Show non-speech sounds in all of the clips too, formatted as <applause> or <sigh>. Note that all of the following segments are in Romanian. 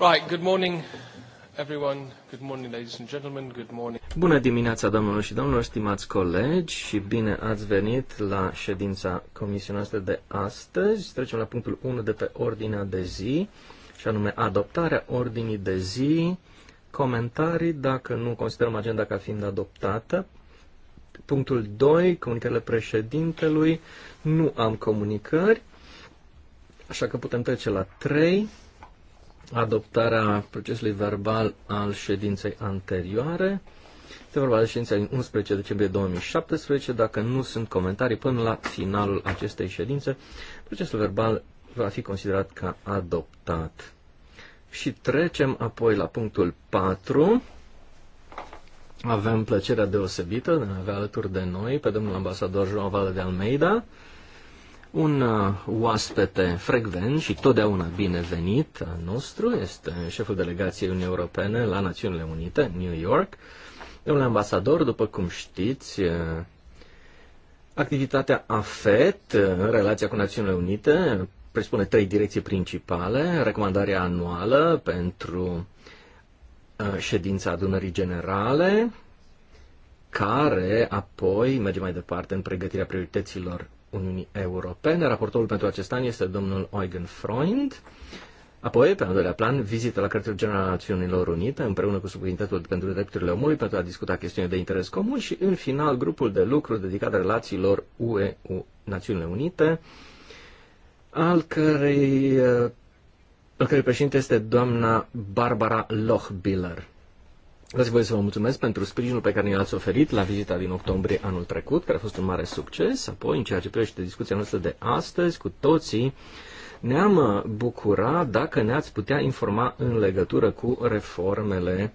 Right, good morning everyone. Good morning ladies and gentlemen. Good morning. Bună dimineața, domnilor și domnilor, stimați colegi, și bine ați venit la ședința comisiei noastre de astăzi. Trecem la punctul 1 de pe ordinea de zi, și anume adoptarea ordinii de zi. Comentarii dacă nu considerăm agenda ca fiind adoptată. Punctul 2, comunicările președintelui. Nu am comunicări, așa că putem trece la 3 adoptarea procesului verbal al ședinței anterioare. Este vorba de ședința din 11 decembrie 2017. Dacă nu sunt comentarii până la finalul acestei ședințe, procesul verbal va fi considerat ca adoptat. Și trecem apoi la punctul 4. Avem plăcerea deosebită de a avea alături de noi pe domnul ambasador João Vale de Almeida, un uh, oaspete frecvent și totdeauna binevenit al uh, nostru este șeful delegației Uniunii Europene la Națiunile Unite, New York. Domnule ambasador, după cum știți, uh, activitatea AFET în relația cu Națiunile Unite presupune trei direcții principale. Recomandarea anuală pentru ședința adunării generale, care apoi merge mai departe în pregătirea priorităților Uniunii Europene. Raportorul pentru acest an este domnul Eugen Freund. Apoi, pe al doilea plan, vizită la Cartelul General Națiunilor Unite, împreună cu Subcomitetul pentru Drepturile Omului, pentru a discuta chestiuni de interes comun și, în final, grupul de lucru dedicat relațiilor UE-Națiunile Unite, al cărei, al cărei președinte este doamna Barbara Lochbiller. Vreau voi să vă mulțumesc pentru sprijinul pe care ne l-ați oferit la vizita din octombrie anul trecut, care a fost un mare succes. Apoi, în ceea ce privește discuția noastră de astăzi, cu toții, ne-am bucura dacă ne-ați putea informa în legătură cu reformele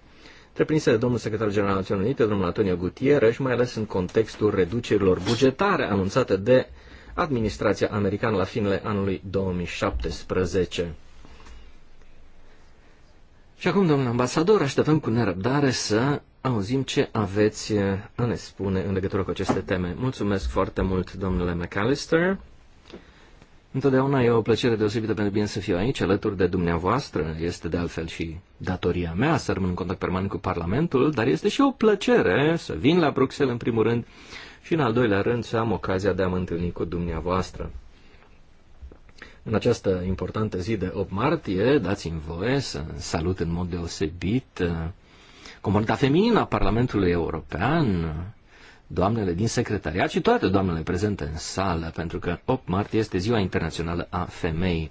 întreprinse de domnul secretar general al Națiunilor Unite, domnul Antonio Gutierrez, mai ales în contextul reducerilor bugetare anunțate de administrația americană la finele anului 2017. Și acum, domnul ambasador, așteptăm cu nerăbdare să auzim ce aveți eh, a ne spune în legătură cu aceste teme. Mulțumesc foarte mult, domnule McAllister. Întotdeauna e o plăcere deosebită pentru bine să fiu aici, alături de dumneavoastră. Este de altfel și datoria mea să rămân în contact permanent cu Parlamentul, dar este și o plăcere să vin la Bruxelles, în primul rând, și în al doilea rând să am ocazia de a mă întâlni cu dumneavoastră. În această importantă zi de 8 martie, dați-mi voie să salut în mod deosebit uh, comunitatea feminină a Parlamentului European, doamnele din secretariat și toate doamnele prezente în sală, pentru că 8 martie este Ziua Internațională a Femeii.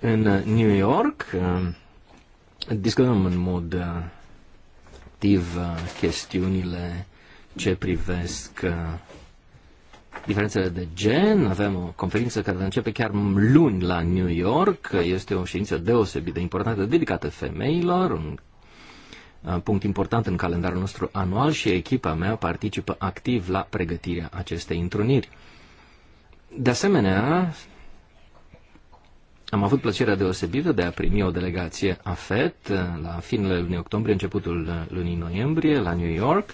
În New York uh, discutăm în mod uh, activ chestiunile ce privesc diferențele de gen. Avem o conferință care începe chiar luni la New York. Este o ședință deosebit de importantă, dedicată femeilor, un uh, punct important în calendarul nostru anual și echipa mea participă activ la pregătirea acestei întruniri. De asemenea, am avut plăcerea deosebită de a primi o delegație AFET uh, la finele lunii octombrie, începutul uh, lunii noiembrie, la New York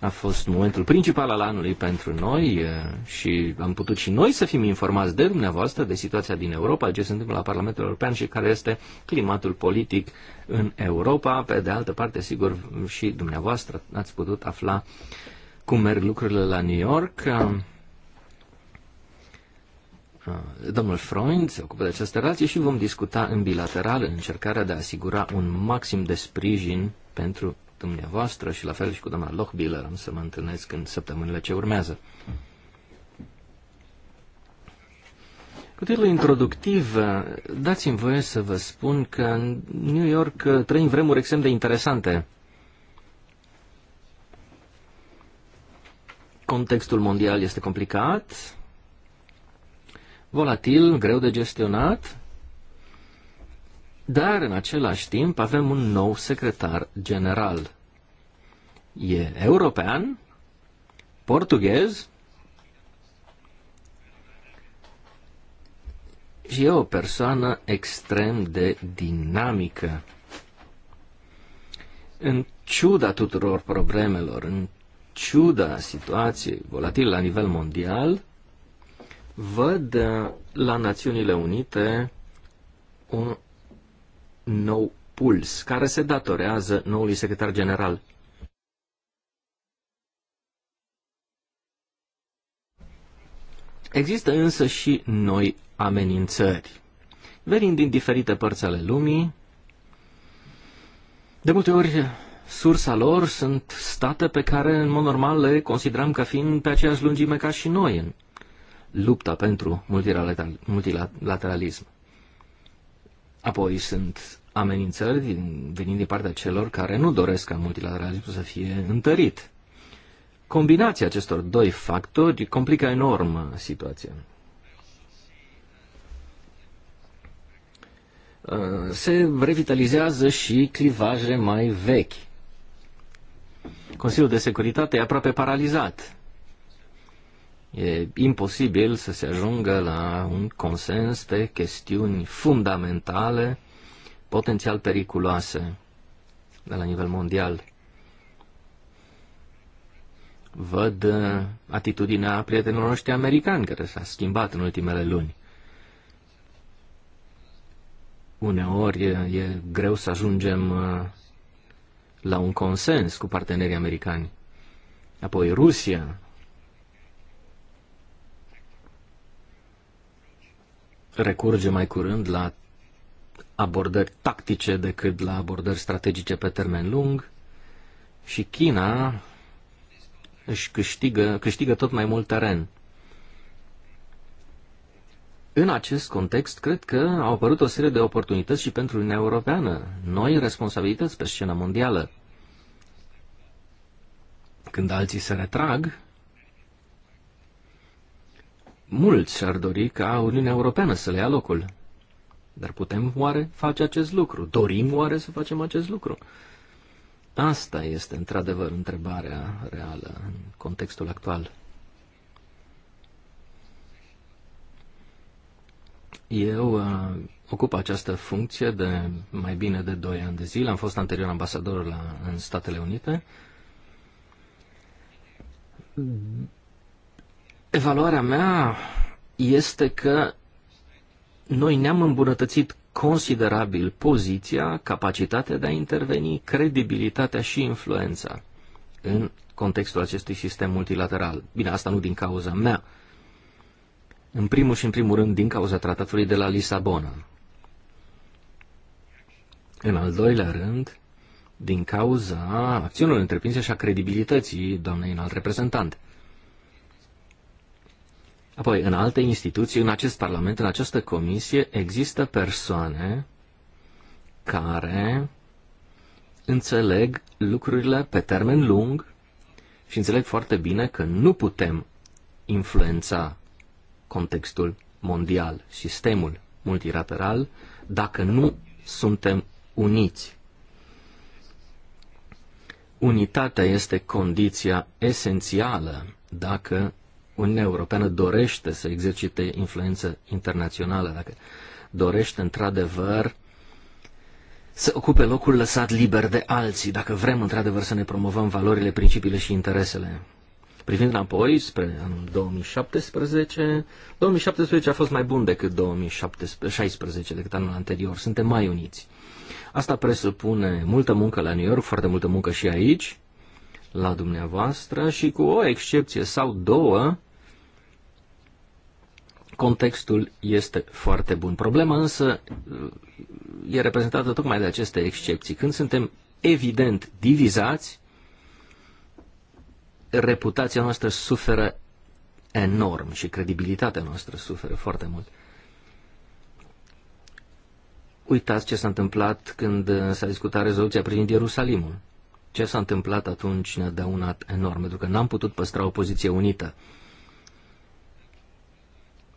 a fost momentul principal al anului pentru noi și am putut și noi să fim informați de dumneavoastră de situația din Europa, ce se întâmplă la Parlamentul European și care este climatul politic în Europa. Pe de altă parte, sigur, și dumneavoastră ați putut afla cum merg lucrurile la New York. Domnul Freund se ocupă de această relație și vom discuta în bilateral în încercarea de a asigura un maxim de sprijin pentru dumneavoastră și la fel și cu doamna Lochbiller am să mă întâlnesc în săptămânile ce urmează. Cu titlul introductiv, dați-mi voie să vă spun că în New York trăim vremuri extrem de interesante. Contextul mondial este complicat, volatil, greu de gestionat, dar, în același timp, avem un nou secretar general. E european, portughez și e o persoană extrem de dinamică. În ciuda tuturor problemelor, în ciuda situației volatile la nivel mondial, văd la Națiunile Unite un nou puls, care se datorează noului secretar general. Există însă și noi amenințări. Venind din diferite părți ale lumii, de multe ori sursa lor sunt state pe care în mod normal le considerăm ca fiind pe aceeași lungime ca și noi în lupta pentru multilateralism. Apoi sunt amenințări din, venind din partea celor care nu doresc ca multilateralismul să fie întărit. Combinația acestor doi factori complică enorm situația. Uh, se revitalizează și clivaje mai vechi. Consiliul de Securitate e aproape paralizat. E imposibil să se ajungă la un consens pe chestiuni fundamentale, potențial periculoase, de la nivel mondial. Văd uh, atitudinea prietenilor noștri americani, care s-a schimbat în ultimele luni. Uneori e, uh, e greu să ajungem uh, la un consens cu partenerii americani. Apoi Rusia recurge mai curând la abordări tactice decât la abordări strategice pe termen lung și China își câștigă, câștigă tot mai mult teren. În acest context, cred că au apărut o serie de oportunități și pentru Uniunea Europeană, noi responsabilități pe scena mondială. Când alții se retrag, Mulți ar dori ca Uniunea Europeană să le ia locul. Dar putem oare face acest lucru? Dorim oare să facem acest lucru? Asta este într-adevăr întrebarea reală în contextul actual. Eu uh, ocup această funcție de mai bine de 2 ani de zile. Am fost anterior ambasador la, în Statele Unite. Evaluarea mea este că noi ne-am îmbunătățit considerabil poziția, capacitatea de a interveni, credibilitatea și influența în contextul acestui sistem multilateral. Bine, asta nu din cauza mea. În primul și în primul rând din cauza tratatului de la Lisabona. În al doilea rând, din cauza acțiunilor întreprinse și a credibilității doamnei înalt reprezentant. Apoi, în alte instituții, în acest Parlament, în această comisie, există persoane care înțeleg lucrurile pe termen lung și înțeleg foarte bine că nu putem influența contextul mondial, sistemul multilateral, dacă nu suntem uniți. Unitatea este condiția esențială dacă Uniunea Europeană dorește să exercite influență internațională, dacă dorește într-adevăr să ocupe locul lăsat liber de alții, dacă vrem într-adevăr să ne promovăm valorile, principiile și interesele. Privind înapoi spre anul 2017, 2017 a fost mai bun decât 2016, decât anul anterior. Suntem mai uniți. Asta presupune multă muncă la New York, foarte multă muncă și aici, la dumneavoastră și cu o excepție sau două, Contextul este foarte bun. Problema însă uh, e reprezentată tocmai de aceste excepții. Când suntem evident divizați, reputația noastră suferă enorm și credibilitatea noastră suferă foarte mult. Uitați ce s-a întâmplat când s-a discutat rezoluția privind Ierusalimul. Ce s-a întâmplat atunci ne-a dăunat enorm, pentru că n-am putut păstra o poziție unită.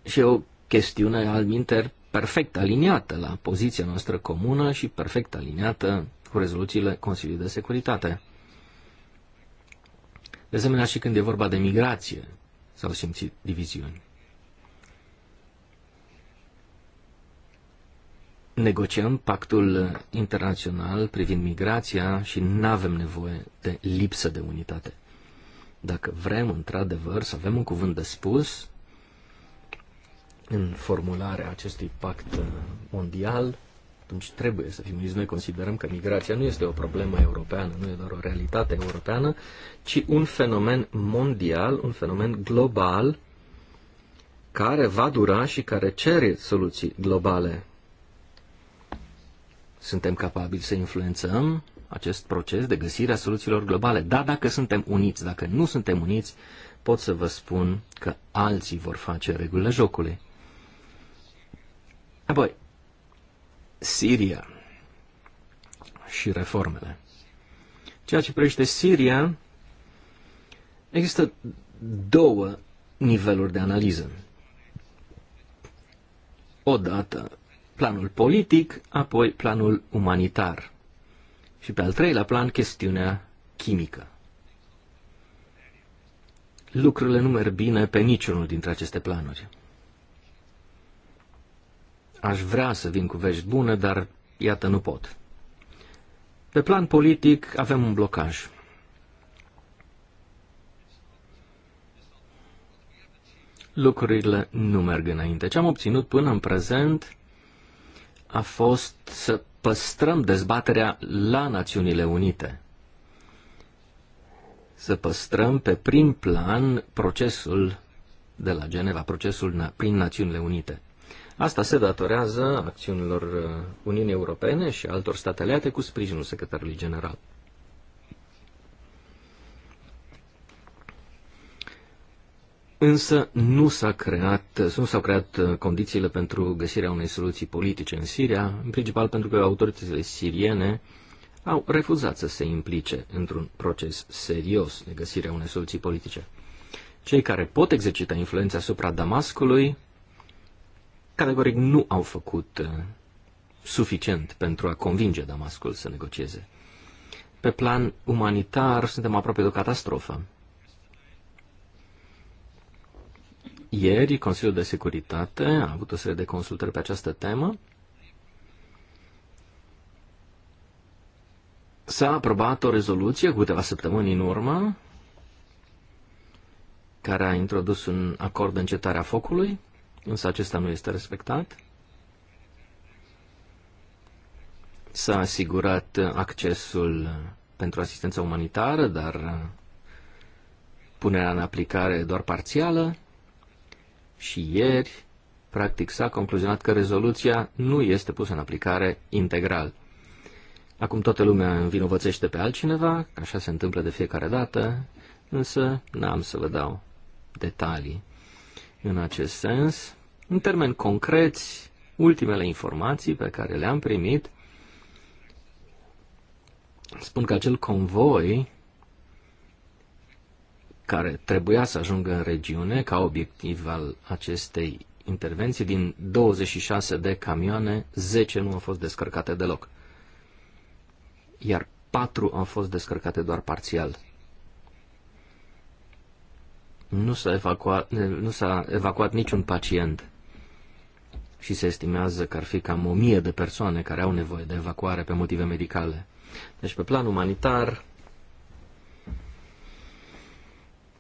Și o chestiune al minter perfect aliniată la poziția noastră comună și perfect aliniată cu rezoluțiile Consiliului de Securitate. De asemenea, și când e vorba de migrație, s-au simțit diviziuni. Negociăm pactul internațional privind migrația și nu avem nevoie de lipsă de unitate. Dacă vrem, într-adevăr, să avem un cuvânt de spus, în formularea acestui pact uh, mondial, atunci trebuie să fim uniți. Noi considerăm că migrația nu este o problemă europeană, nu e doar o realitate europeană, ci un fenomen mondial, un fenomen global, care va dura și care cere soluții globale. Suntem capabili să influențăm acest proces de găsire a soluțiilor globale. Da, dacă suntem uniți, dacă nu suntem uniți, pot să vă spun că alții vor face regulile jocului. Apoi, Siria și reformele. Ceea ce privește Siria, există două niveluri de analiză. Odată planul politic, apoi planul umanitar. Și pe al treilea plan, chestiunea chimică. Lucrurile nu merg bine pe niciunul dintre aceste planuri. Aș vrea să vin cu vești bune, dar iată nu pot. Pe plan politic avem un blocaj. Lucrurile nu merg înainte. Ce am obținut până în prezent a fost să păstrăm dezbaterea la Națiunile Unite. Să păstrăm pe prim plan procesul de la Geneva, procesul prin Națiunile Unite. Asta se datorează acțiunilor uh, Uniunii Europene și altor state aliate cu sprijinul secretarului general. Însă nu, s-a creat, uh, nu s-au creat uh, condițiile pentru găsirea unei soluții politice în Siria, în principal pentru că autoritățile siriene au refuzat să se implice într-un proces serios de găsirea unei soluții politice. Cei care pot exercita influența asupra Damascului categoric nu au făcut uh, suficient pentru a convinge Damascul să negocieze. Pe plan umanitar, suntem aproape de o catastrofă. Ieri, Consiliul de Securitate a avut o serie de consultări pe această temă. S-a aprobat o rezoluție cu câteva săptămâni în urmă care a introdus un acord de încetare a focului însă acesta nu este respectat. S-a asigurat accesul pentru asistență umanitară, dar punerea în aplicare doar parțială. Și ieri, practic, s-a concluzionat că rezoluția nu este pusă în aplicare integral. Acum toată lumea învinovățește pe altcineva, așa se întâmplă de fiecare dată, însă n-am să vă dau detalii în acest sens. În termeni concreți, ultimele informații pe care le-am primit spun că acel convoi care trebuia să ajungă în regiune ca obiectiv al acestei intervenții, din 26 de camioane, 10 nu au fost descărcate deloc, iar 4 au fost descărcate doar parțial. Nu s-a evacuat, nu s-a evacuat niciun pacient și se estimează că ar fi cam o mie de persoane care au nevoie de evacuare pe motive medicale. Deci, pe plan umanitar,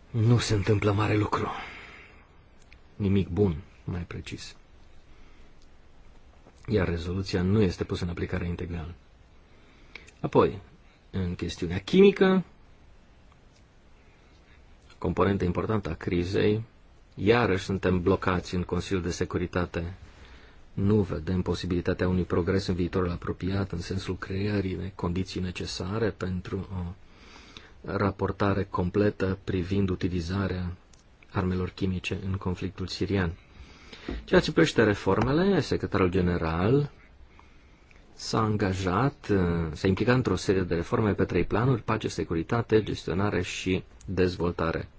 nu se întâmplă mare lucru. Nimic bun, mai precis. Iar rezoluția nu este pusă în aplicare integral. Apoi, în chestiunea chimică, componentă importantă a crizei, iarăși suntem blocați în Consiliul de Securitate nu vedem posibilitatea unui progres în viitorul apropiat, în sensul creării de condiții necesare pentru o raportare completă privind utilizarea armelor chimice în conflictul sirian. Ceea ce privește reformele, secretarul general s-a angajat, s-a implicat într-o serie de reforme pe trei planuri, pace, securitate, gestionare și dezvoltare.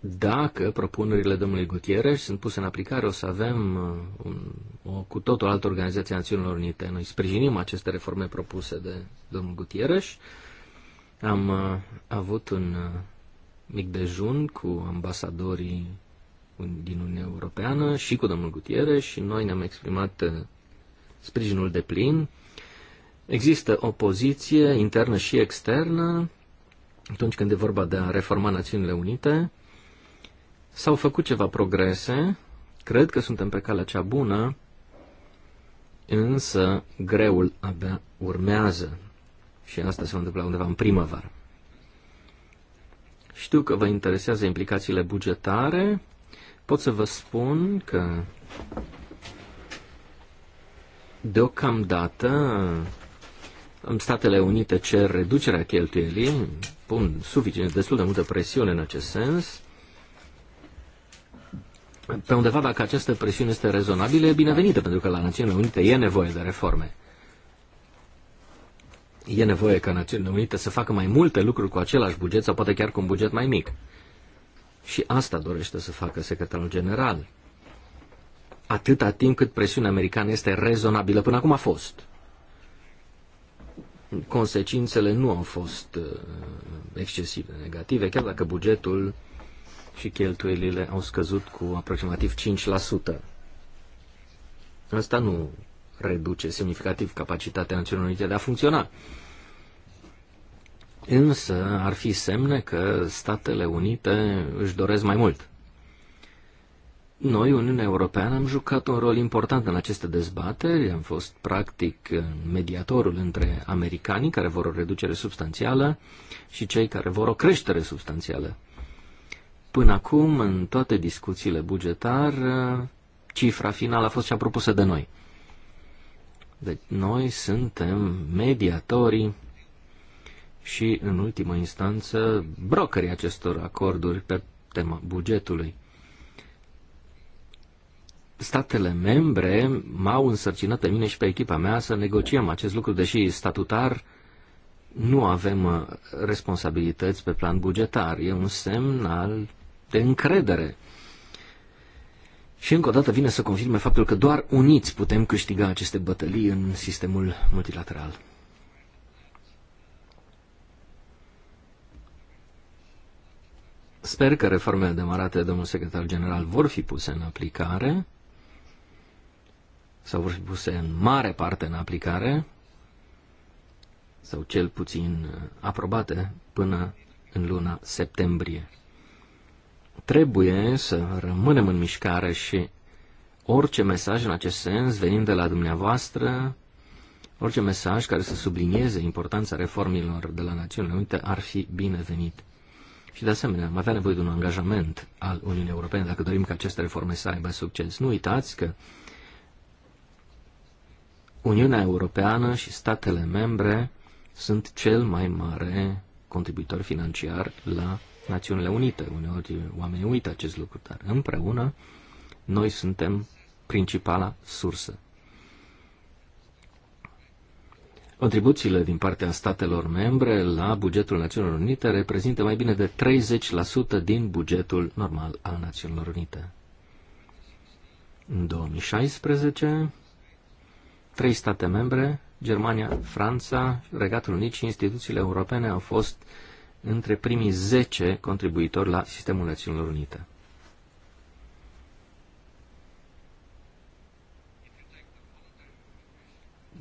Dacă propunerile domnului Gutierrez sunt puse în aplicare, o să avem uh, un, o cu totul altă organizație a Națiunilor Unite. Noi sprijinim aceste reforme propuse de domnul Gutierrez. Am uh, avut un uh, mic dejun cu ambasadorii din Uniunea Europeană și cu domnul Gutierrez și noi ne-am exprimat sprijinul de plin. Există opoziție internă și externă atunci când e vorba de a reforma Națiunile Unite. S-au făcut ceva progrese, cred că suntem pe calea cea bună, însă greul abia urmează și asta se va întâmpla undeva în primăvară. Știu că vă interesează implicațiile bugetare. Pot să vă spun că deocamdată în Statele Unite cer reducerea cheltuielii, pun suficient, destul de multă presiune în acest sens pe undeva, dacă această presiune este rezonabilă, e binevenită, pentru că la Națiunile Unite e nevoie de reforme. E nevoie ca Națiunile Unite să facă mai multe lucruri cu același buget sau poate chiar cu un buget mai mic. Și asta dorește să facă secretarul general. Atâta timp cât presiunea americană este rezonabilă, până acum a fost. Consecințele nu au fost uh, excesiv de negative, chiar dacă bugetul și cheltuielile au scăzut cu aproximativ 5%. Asta nu reduce semnificativ capacitatea Națiunilor Unite de a funcționa. Însă ar fi semne că Statele Unite își doresc mai mult. Noi, Uniunea Europeană, am jucat un rol important în aceste dezbateri, am fost practic mediatorul între americanii care vor o reducere substanțială și cei care vor o creștere substanțială. Până acum, în toate discuțiile bugetar, cifra finală a fost cea propusă de noi. Deci noi suntem mediatorii și, în ultimă instanță, brokerii acestor acorduri pe tema bugetului. Statele membre m-au însărcinat pe mine și pe echipa mea să negociem acest lucru, deși statutar nu avem uh, responsabilități pe plan bugetar. E un semn al de încredere. Și încă o dată vine să confirme faptul că doar uniți putem câștiga aceste bătălii în sistemul multilateral. Sper că reformele demarate, domnul secretar general, vor fi puse în aplicare sau vor fi puse în mare parte în aplicare sau cel puțin aprobate până în luna septembrie. Trebuie să rămânem în mișcare și orice mesaj în acest sens, venind de la dumneavoastră, orice mesaj care să sublinieze importanța reformilor de la Națiunile Unite ar fi binevenit. Și de asemenea, am avea nevoie de un angajament al Uniunii Europene dacă dorim ca aceste reforme să aibă succes. Nu uitați că Uniunea Europeană și statele membre sunt cel mai mare contribuitor financiar la Națiunile Unite. Uneori oamenii uită acest lucru, dar împreună noi suntem principala sursă. Contribuțiile din partea statelor membre la bugetul Națiunilor Unite reprezintă mai bine de 30% din bugetul normal al Națiunilor Unite. În 2016, trei state membre, Germania, Franța, Regatul Unit și instituțiile europene au fost uh, între primii 10 contribuitori la Sistemul Națiunilor Unite.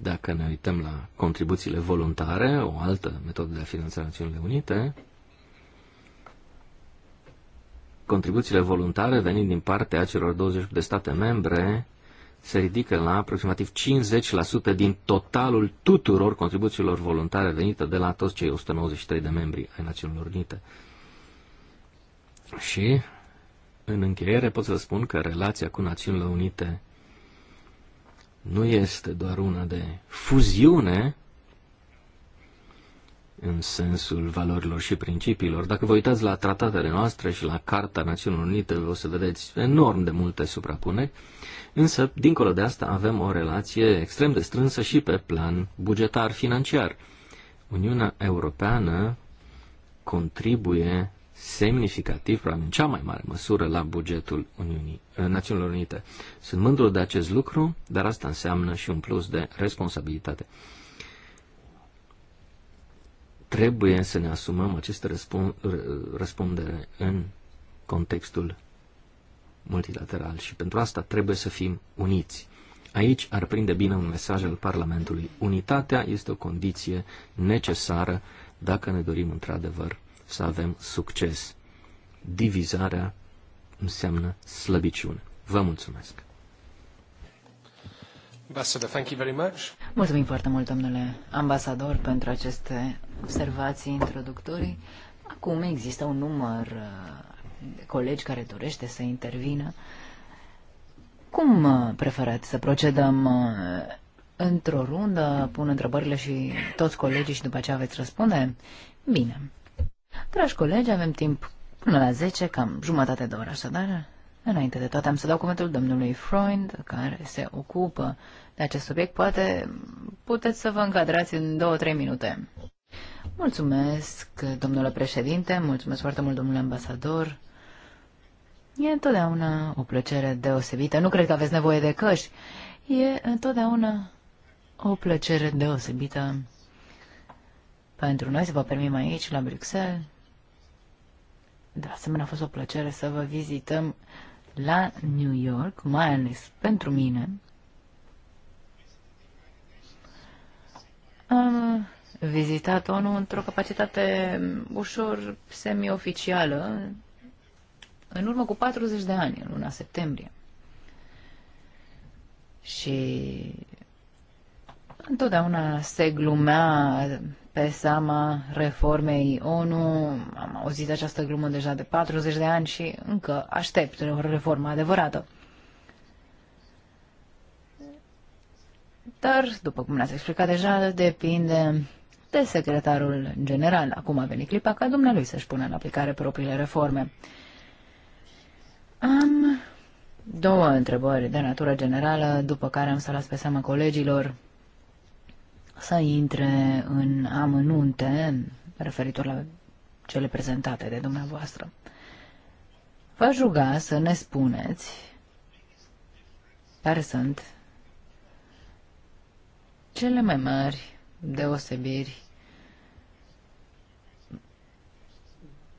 Dacă ne uităm la contribuțiile voluntare, o altă metodă de a finanța Națiunile Unite, contribuțiile voluntare venind din partea celor 20 de state membre se ridică la aproximativ 50% din totalul tuturor contribuțiilor voluntare venite de la toți cei 193 de membri ai Națiunilor Unite. Și, în încheiere, pot să spun că relația cu Națiunile Unite nu este doar una de fuziune în sensul valorilor și principiilor. Dacă vă uitați la tratatele noastre și la Carta Națiunilor Unite, o să vedeți enorm de multe suprapuneri, Însă, dincolo de asta, avem o relație extrem de strânsă și pe plan bugetar-financiar. Uniunea Europeană contribuie semnificativ, probabil în cea mai mare măsură, la bugetul Uniunii, eh, Națiunilor Unite. Sunt mândru de acest lucru, dar asta înseamnă și un plus de responsabilitate. Trebuie să ne asumăm aceste răspundere în contextul multilateral și pentru asta trebuie să fim uniți. Aici ar prinde bine un mesaj al Parlamentului. Unitatea este o condiție necesară dacă ne dorim într-adevăr să avem succes. Divizarea înseamnă slăbiciune. Vă mulțumesc! Mulțumim foarte mult, domnule ambasador, pentru aceste observații introductorii. Acum există un număr de colegi care dorește să intervină. Cum uh, preferați să procedăm uh, într-o rundă, pun întrebările și toți colegii și după aceea veți răspunde? Bine. Dragi colegi, avem timp până la 10, cam jumătate de oră așadar. Înainte de toate am să dau cuvântul domnului Freund, care se ocupă de acest subiect. Poate puteți să vă încadrați în 2-3 minute. Mulțumesc, domnule președinte, mulțumesc foarte mult, domnule ambasador. E întotdeauna o plăcere deosebită. Nu cred că aveți nevoie de căști. E întotdeauna o plăcere deosebită pentru noi să vă primim aici, la Bruxelles. De asemenea, a fost o plăcere să vă vizităm la New York, mai ales pentru mine. Am vizitat ONU într-o capacitate ușor semi-oficială, în urmă cu 40 de ani, în luna septembrie. Și întotdeauna se glumea pe seama reformei ONU. Am auzit această glumă deja de 40 de ani și încă aștept o reformă adevărată. Dar, după cum ne-ați explicat deja, depinde de secretarul general. Acum a venit clipa ca dumnealui să-și pună în aplicare propriile reforme. Am două întrebări de natură generală, după care am să las pe seama colegilor să intre în amănunte referitor la cele prezentate de dumneavoastră. V-aș ruga să ne spuneți care sunt cele mai mari deosebiri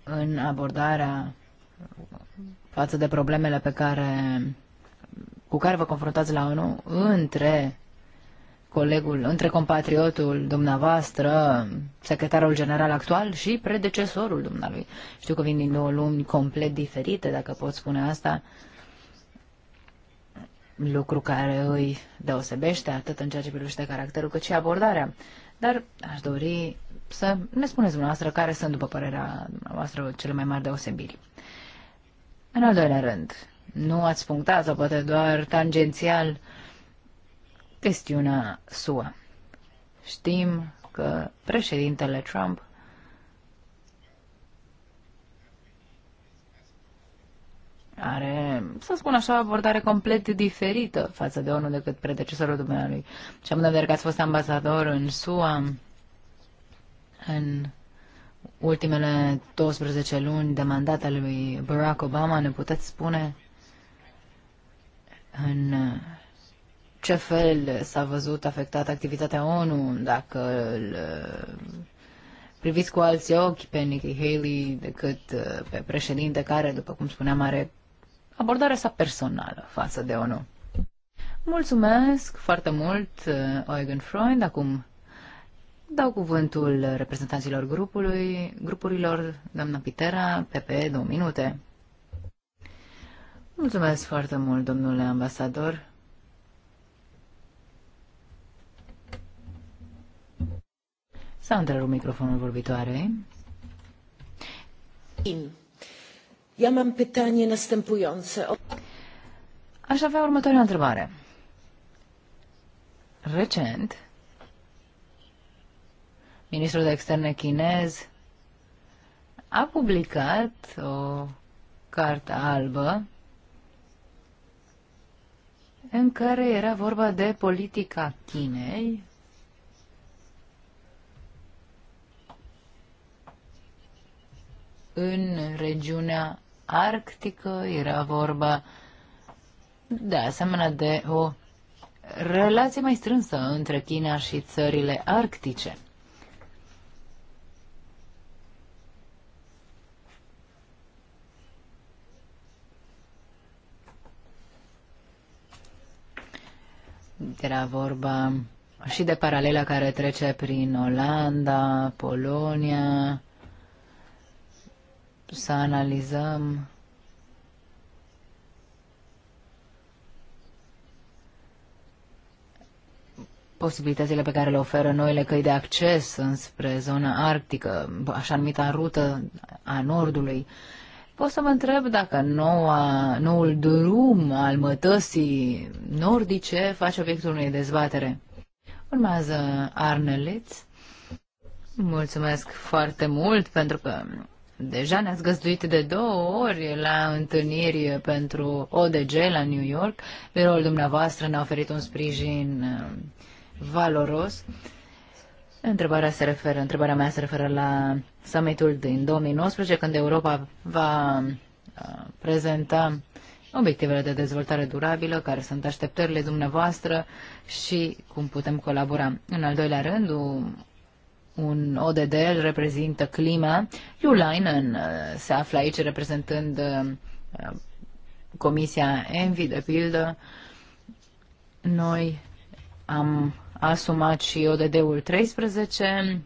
în abordarea față de problemele pe care, cu care vă confruntați la ONU între colegul, între compatriotul dumneavoastră, secretarul general actual și predecesorul dumnealui. Știu că vin din două lumi complet diferite, dacă pot spune asta, lucru care îi deosebește atât în ceea ce privește caracterul cât și abordarea. Dar aș dori să ne spuneți dumneavoastră care sunt, după părerea dumneavoastră, cele mai mari deosebiri. În al doilea rând, nu ați punctat, sau poate doar tangențial, chestiunea SUA. Știm că președintele Trump are, să spun așa, o abordare complet diferită față de unul decât predecesorul dumnealui. Și am de că ați fost ambasador în SUA, în ultimele 12 luni de mandat al lui Barack Obama, ne puteți spune în uh, ce fel s-a văzut afectată activitatea ONU, dacă îl uh, priviți cu alți ochi pe Nikki Haley decât uh, pe președinte care, după cum spuneam, are abordarea sa personală față de ONU. Mulțumesc foarte mult, Eugen Freund. Acum Dau cuvântul reprezentanților grupului, grupurilor, doamna Pitera, PP, două minute. Mulțumesc foarte mult, domnule ambasador. S-a întrerupt microfonul vorbitoarei. In. Ja mam pytanie następujące. Aș avea următoarea întrebare. Recent, ministrul de externe chinez a publicat o carte albă în care era vorba de politica Chinei în regiunea arctică, era vorba de asemenea de o relație mai strânsă între China și țările arctice. Era vorba și de paralela care trece prin Olanda, Polonia. Să analizăm posibilitățile pe care le oferă noile căi de acces înspre zona arctică, așa numita rută a nordului, Pot să mă întreb dacă noua, noul drum al mătăsii nordice face obiectul unei dezbatere. Urmează Arneleț. Mulțumesc foarte mult pentru că deja ne-ați găzduit de două ori la întâlniri pentru ODG la New York. Biroul dumneavoastră ne-a oferit un sprijin uh, valoros. Uh, Întrebarea, se referă, întrebarea mea se referă la summitul din 2019, când Europa va uh, prezenta obiectivele de dezvoltare durabilă, care sunt așteptările dumneavoastră și cum putem colabora. În al doilea rând, un ODD reprezintă clima. Iulainen uh, se află aici reprezentând uh, Comisia Envi, de pildă. Noi am a asumat și ODD-ul 13.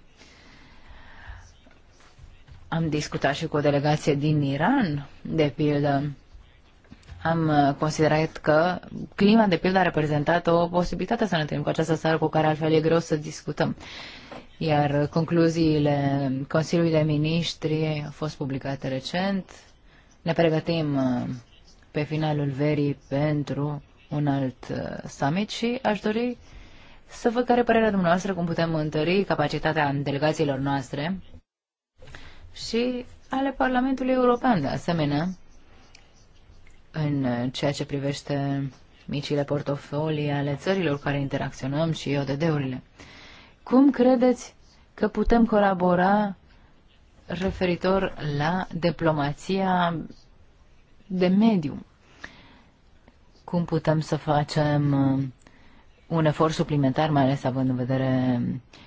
Am discutat și cu o delegație din Iran, de pildă. Am uh, considerat că clima, de pildă, a reprezentat o posibilitate să ne întâlnim cu această țară cu care altfel e greu să discutăm. Iar concluziile Consiliului de Ministri au fost publicate recent. Ne pregătim uh, pe finalul verii pentru un alt uh, summit și aș dori să văd care părerea dumneavoastră, cum putem întări capacitatea delegațiilor noastre și ale Parlamentului European, de asemenea, în ceea ce privește micile portofolii ale țărilor cu care interacționăm și ODD-urile. Cum credeți că putem colabora referitor la diplomația de mediu? Cum putem să facem uh, un efort suplimentar, mai ales având în vedere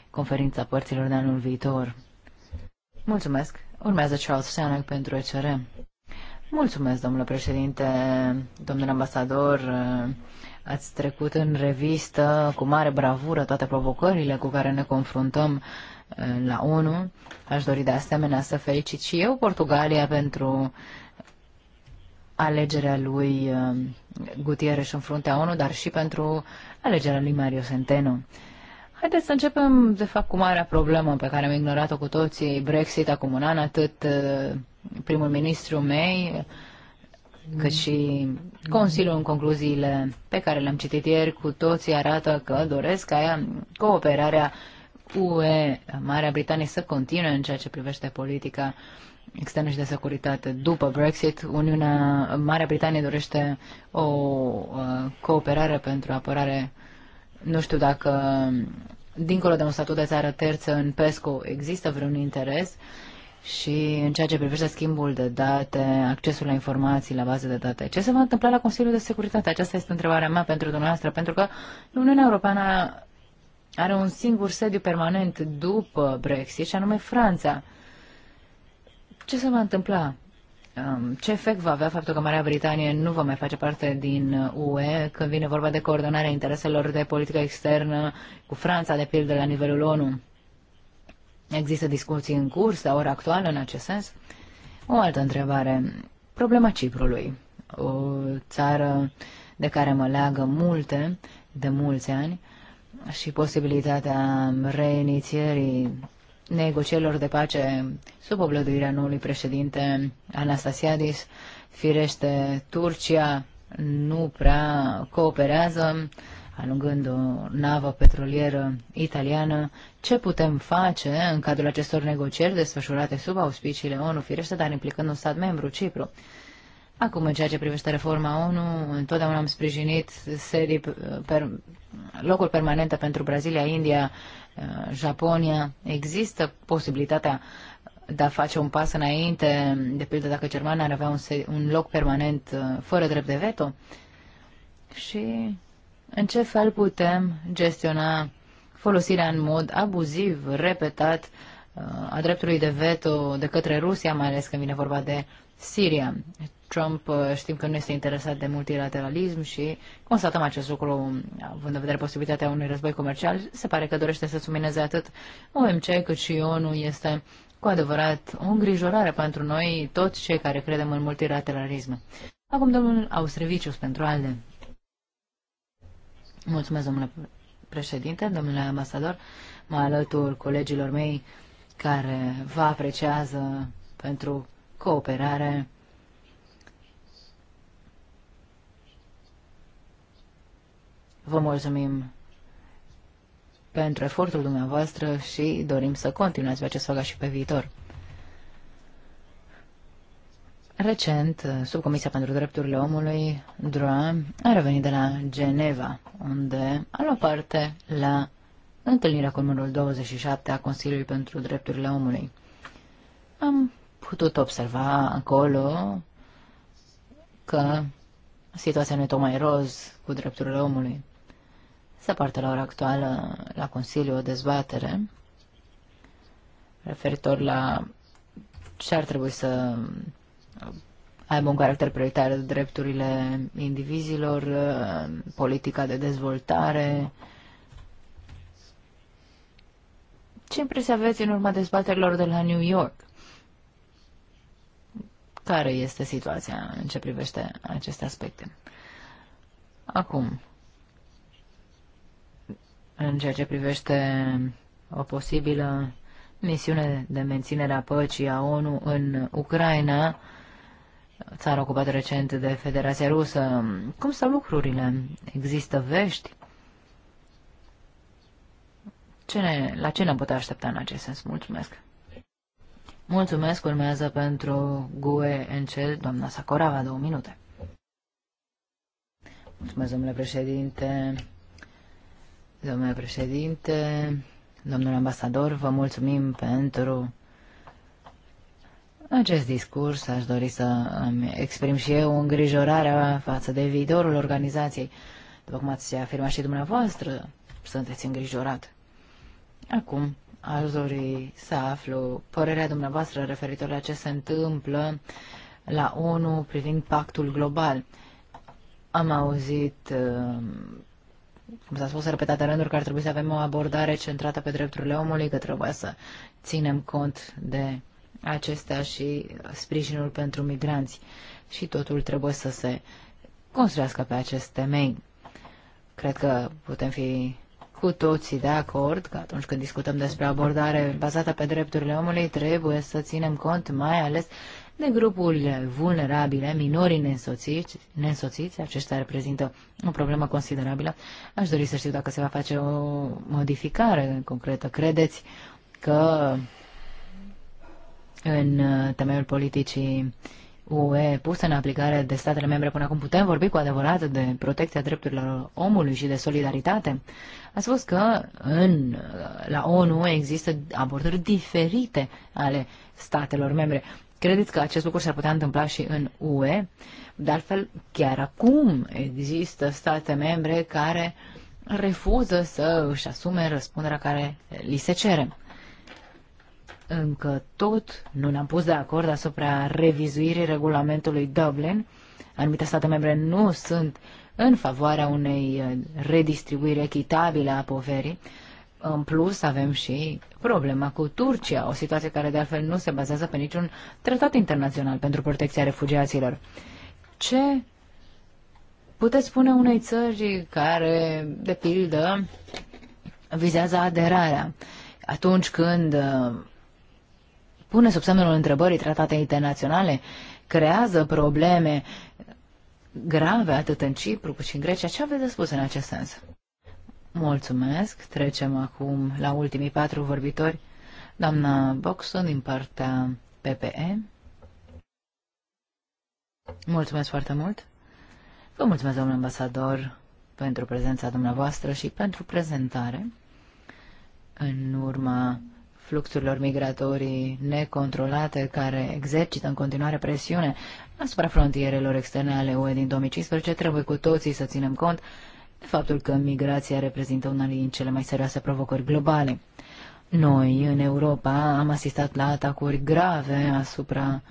conferința părților de anul viitor. Mulțumesc. Urmează Charles Stanek pentru ECR. Mulțumesc, domnule președinte, domnule ambasador. Ați trecut în revistă cu mare bravură toate provocările cu care ne confruntăm eh, la ONU. Aș dori de asemenea să felicit și eu Portugalia pentru alegerea lui eh, Gutierrez în fruntea ONU, dar și pentru alegerea lui Mario Centeno. Haideți să începem, de fapt, cu marea problemă pe care am ignorat-o cu toții, Brexit acum un an, atât uh, primul ministru mei, cât și Consiliul în concluziile pe care le-am citit ieri cu toții arată că doresc ca cooperarea UE, Marea Britanie, să continue în ceea ce privește politica externe și de securitate. După Brexit, Uniunea, Marea Britanie dorește o uh, cooperare pentru apărare. Nu știu dacă, dincolo de un statut de țară terță în PESCO, există vreun interes și în ceea ce privește schimbul de date, accesul la informații, la baze de date. Ce se va întâmpla la Consiliul de Securitate? Aceasta este întrebarea mea pentru dumneavoastră, pentru că Uniunea Europeană are un singur sediu permanent după Brexit, și anume Franța. Ce se va întâmpla? Um, ce efect va avea faptul că Marea Britanie nu va mai face parte din UE când vine vorba de coordonarea intereselor de politică externă cu Franța, de pildă, la nivelul ONU? Există discuții în curs la ora actuală în acest sens? O altă întrebare. Problema Ciprului. O țară de care mă leagă multe, de mulți ani, și posibilitatea reinițierii negocierilor de pace sub oblăduirea noului președinte Anastasiadis. Firește, Turcia nu prea cooperează, alungând o navă petrolieră italiană. Ce putem face în cadrul acestor negocieri desfășurate sub auspiciile ONU, firește, dar implicând un stat membru, Cipru? Acum, în ceea ce privește reforma ONU, întotdeauna am sprijinit serii per, locuri permanente pentru Brazilia, India, Uh, Japonia, există posibilitatea de a face un pas înainte, de pildă dacă Germania ar avea un, un loc permanent uh, fără drept de veto? Și în ce fel putem gestiona folosirea în mod abuziv, repetat, uh, a dreptului de veto de către Rusia, mai ales când vine vorba de Siria. Trump uh, știm că nu este interesat de multilateralism și constatăm acest lucru având în vedere posibilitatea unui război comercial. Se pare că dorește să sumineze atât OMC cât și ONU. Este cu adevărat o îngrijorare pentru noi, toți cei care credem în multilateralism. Acum domnul Austrevicius pentru ALDE. Mulțumesc, domnule președinte, domnule ambasador. Mă alătur colegilor mei care vă apreciază pentru cooperare Vă mulțumim pentru efortul dumneavoastră și dorim să continuați pe acest și pe viitor. Recent, Subcomisia pentru Drepturile Omului, DROA, a revenit de la Geneva, unde a luat parte la întâlnirea cu numărul 27 a Consiliului pentru Drepturile Omului. Am putut observa acolo că situația nu e tocmai roz cu drepturile omului. Se poartă la ora actuală la Consiliu o dezbatere referitor la ce ar trebui să aibă un caracter prioritar drepturile indivizilor, politica de dezvoltare. Ce impresie aveți în urma dezbaterilor de la New York? Care este situația în ce privește aceste aspecte? Acum, în ceea ce privește o posibilă misiune de menținere a păcii a ONU în Ucraina, țară ocupată recent de Federația Rusă. Cum stau lucrurile? Există vești? Ce ne, la ce ne putea aștepta în acest sens? Mulțumesc! Mulțumesc, urmează pentru GUE NCL, doamna Sacorava, două minute. Mulțumesc, domnule președinte. Domnule președinte, domnule ambasador, vă mulțumim pentru acest discurs. Aș dori să îmi exprim și eu îngrijorarea față de viitorul organizației. După cum ați afirmat și dumneavoastră, sunteți îngrijorat. Acum, aș dori să aflu părerea dumneavoastră referitor la ce se întâmplă la ONU privind pactul global. Am auzit uh, cum s-a spus repetate rânduri, că ar trebui să avem o abordare centrată pe drepturile omului, că trebuie să ținem cont de acestea și sprijinul pentru migranți. Și totul trebuie să se construiască pe acest temei. Cred că putem fi cu toții de acord că atunci când discutăm despre abordare bazată pe drepturile omului, trebuie să ținem cont mai ales de grupuri vulnerabile, minorii nensoțiți, nensoțiți, aceștia reprezintă o problemă considerabilă. Aș dori să știu dacă se va face o modificare concretă. Credeți că în temeiul politicii UE pusă în aplicare de statele membre până acum, putem vorbi cu adevărat de protecția drepturilor omului și de solidaritate? A spus că în, la ONU există abordări diferite ale statelor membre. Credeți că acest lucru s-ar putea întâmpla și în UE? De altfel, chiar acum există state membre care refuză să își asume răspunderea care li se cere. Încă tot nu ne-am pus de acord asupra revizuirii regulamentului Dublin. Anumite state membre nu sunt în favoarea unei redistribuiri echitabile a poverii. În plus, avem și problema cu Turcia, o situație care de altfel nu se bazează pe niciun tratat internațional pentru protecția refugiaților. Ce puteți spune unei țări care, de pildă, vizează aderarea atunci când uh, pune sub semnul întrebării tratate internaționale, creează probleme grave atât în Cipru cât și în Grecia. Ce aveți de spus în acest sens? Mulțumesc. Trecem acum la ultimii patru vorbitori. Doamna Boxon din partea PPE. Mulțumesc foarte mult. Vă mulțumesc, domnul ambasador, pentru prezența dumneavoastră și pentru prezentare. În urma fluxurilor migratorii necontrolate care exercită în continuare presiune asupra frontierelor externe ale UE din 2015, trebuie cu toții să ținem cont faptul că migrația reprezintă una din cele mai serioase provocări globale. Noi, în Europa, am asistat la atacuri grave asupra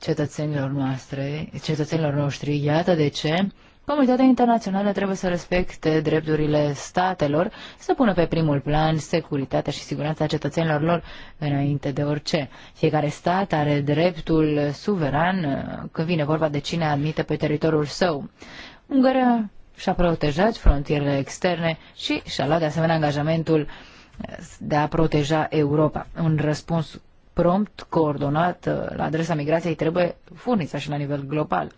cetățenilor noastre, cetățenilor noștri. Iată de ce comunitatea internațională trebuie să respecte drepturile statelor, să pună pe primul plan securitatea și siguranța cetățenilor lor înainte de orice. Fiecare stat are dreptul suveran uh, când vine vorba de cine admite pe teritoriul său. Ungaria și-a protejat frontierele externe și și-a luat de asemenea angajamentul de a proteja Europa. Un răspuns prompt, coordonat uh, la adresa migrației trebuie furnizat și la nivel global.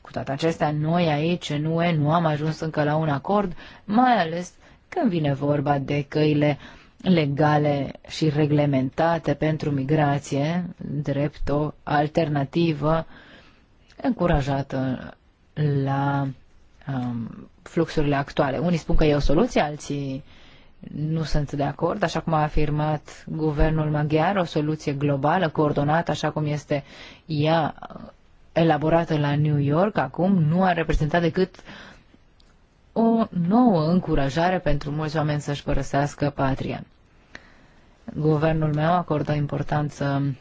Cu toate acestea, noi aici, în UE, nu am ajuns încă la un acord, mai ales când vine vorba de căile legale și reglementate pentru migrație, drept o alternativă încurajată la um, fluxurile actuale. Unii spun că e o soluție, alții nu sunt de acord, așa cum a afirmat guvernul maghiar, o soluție globală, coordonată, așa cum este ea uh, elaborată la New York acum, nu a reprezentat decât o nouă încurajare pentru mulți oameni să-și părăsească patria. Guvernul meu acordă importanță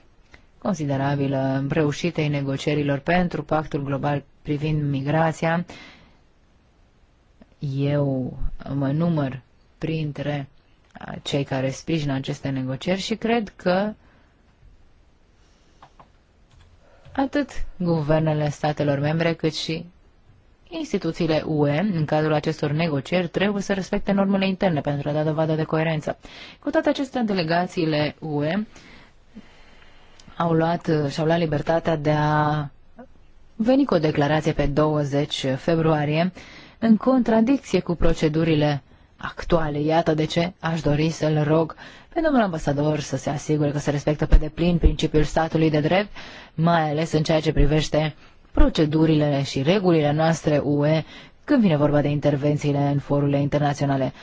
considerabilă reușitei negocierilor pentru pactul global privind migrația eu mă număr printre uh, cei care sprijină aceste negocieri și cred că atât guvernele statelor membre cât și instituțiile UE în cadrul acestor negocieri trebuie să respecte normele interne pentru a da dovadă de coerență. Cu toate acestea, delegațiile UE au luat, și-au luat libertatea de a veni cu o declarație pe 20 februarie în contradicție cu procedurile actuale. Iată de ce aș dori să-l rog pe domnul ambasador să se asigure că se respectă pe deplin principiul statului de drept, mai ales în ceea ce privește procedurile și regulile noastre UE când vine vorba de intervențiile în forurile internaționale.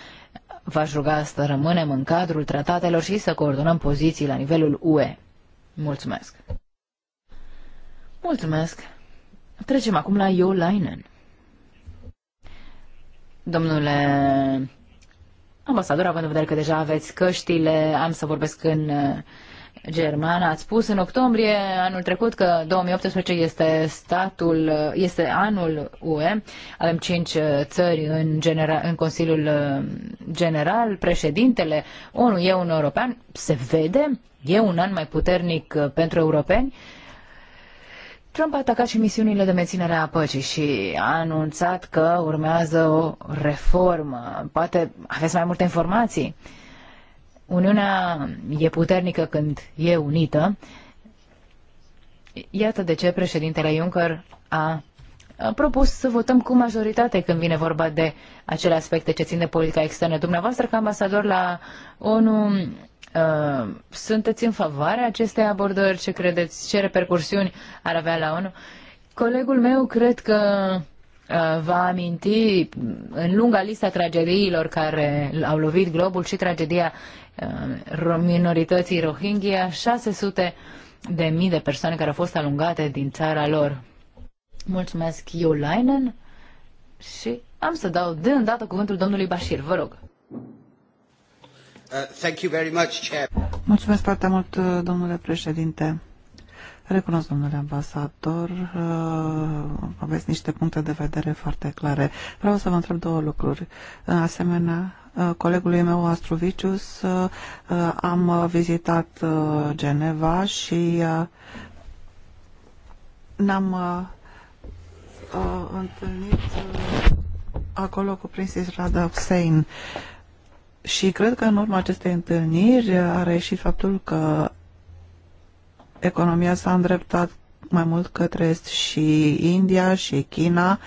V-aș ruga să rămânem în cadrul tratatelor și să coordonăm poziții la nivelul UE. Mulțumesc! Mulțumesc! Trecem acum la Iolainen. Domnule ambasador, având în vedere că deja aveți căștile, am să vorbesc în uh, german. Ați spus în octombrie anul trecut că 2018 este statul, uh, este anul UE. Avem cinci uh, țări în, general, în Consiliul General, președintele ONU e un european. Se vede? E un an mai puternic pentru europeni? Trump a atacat și misiunile de menținere a păcii și a anunțat că urmează o reformă. Poate aveți mai multe informații. Uniunea e puternică când e unită. Iată de ce președintele Juncker a propus să votăm cu majoritate când vine vorba de acele aspecte ce țin de politica externă. Dumneavoastră, ca ambasador la ONU, Uh, sunteți în favoarea acestei abordări? Ce credeți? Ce repercursiuni ar avea la ONU? Colegul meu cred că uh, va aminti în lunga lista tragediilor care au lovit globul și tragedia uh, minorității Rohingya, 600 de mii de persoane care au fost alungate din țara lor. Mulțumesc, Iulainen, și am să dau de îndată cuvântul domnului Bashir, vă rog. Uh, Mulțumesc foarte mult, uh, domnule președinte. Recunosc, domnule ambasador, uh, aveți niște puncte de vedere foarte clare. Vreau să vă întreb două lucruri. Asemenea, colegului meu Astrovicius am vizitat Geneva și ne-am întâlnit acolo cu prinsis Rada Hussein. Și cred că în urma acestei întâlniri a reieșit faptul că economia s-a îndreptat mai mult către Est și India și China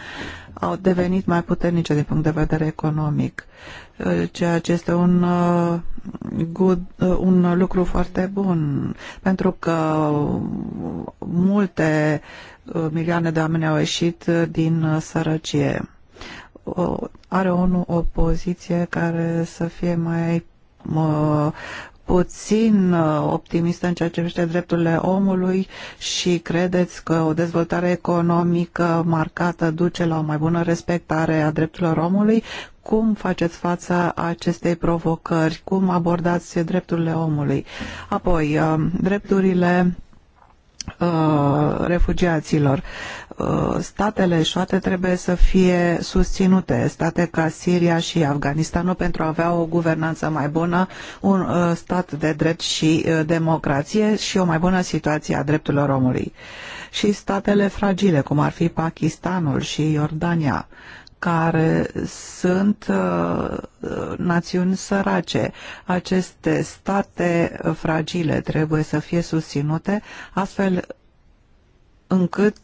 au devenit mai puternice din punct de vedere economic, uh, ceea ce este un, uh, good, uh, un lucru foarte bun, pentru că multe milioane de oameni au ieșit din sărăcie are ONU o poziție care să fie mai puțin uh, optimistă în ceea ce privește drepturile omului și credeți că o dezvoltare economică marcată duce la o mai bună respectare a drepturilor omului? Cum faceți fața acestei provocări? Cum abordați drepturile omului? Apoi, uh, drepturile uh, refugiaților. Uh, statele eșuate trebuie să fie susținute, state ca Siria și Afganistanul, pentru a avea o guvernanță mai bună, un uh, stat de drept și uh, democrație și o mai bună situație a drepturilor omului. Și statele fragile, cum ar fi Pakistanul și Iordania, care sunt națiuni sărace. Aceste state fragile trebuie să fie susținute astfel încât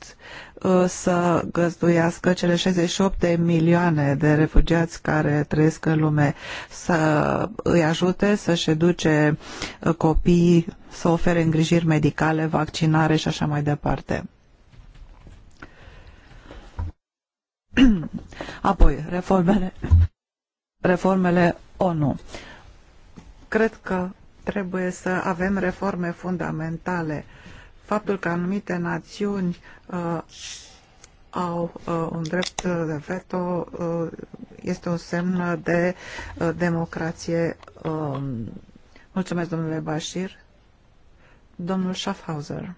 să găzduiască cele 68 de milioane de refugiați care trăiesc în lume, să îi ajute să-și educe uh, copiii, să ofere îngrijiri medicale, vaccinare și așa mai departe. <clears throat> Apoi, reformele, reformele ONU. Cred că trebuie să avem reforme fundamentale uh, faptul că anumite națiuni uh, au uh, un drept de veto uh, este un semn de uh, democrație. Uh, mulțumesc, domnule Bashir. Domnul Schaffhauser.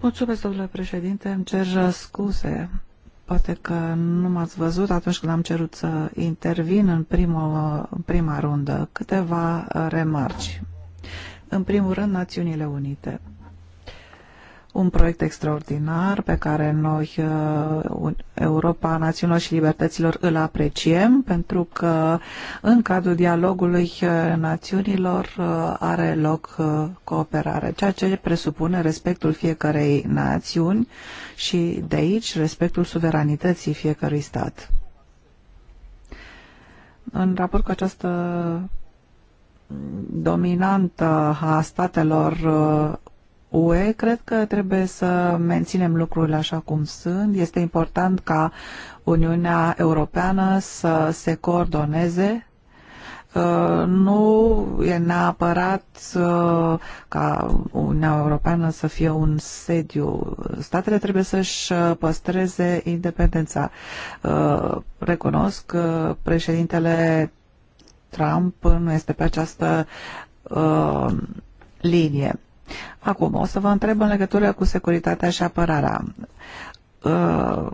Mulțumesc, domnule președinte. Îmi cer uh, scuze. Poate că nu m-ați văzut atunci când am cerut să intervin în, primul, uh, în prima rundă. Câteva uh, remarci în primul rând, Națiunile Unite. Un proiect extraordinar pe care noi, uh, Europa Națiunilor și Libertăților, îl apreciem pentru că în cadrul dialogului uh, națiunilor uh, are loc cooperare, ceea ce presupune respectul fiecarei națiuni și de aici respectul suveranității fiecărui stat. În raport cu această dominantă a statelor UE, uh, cred că trebuie să menținem lucrurile așa cum sunt. Este important ca Uniunea Europeană să se coordoneze uh, nu e neapărat uh, ca Uniunea Europeană să fie un sediu. Statele trebuie să-și păstreze independența. Recunosc că președintele Trump nu este pe această uh, linie. Acum, o să vă întreb în legătură cu securitatea și apărarea. Uh,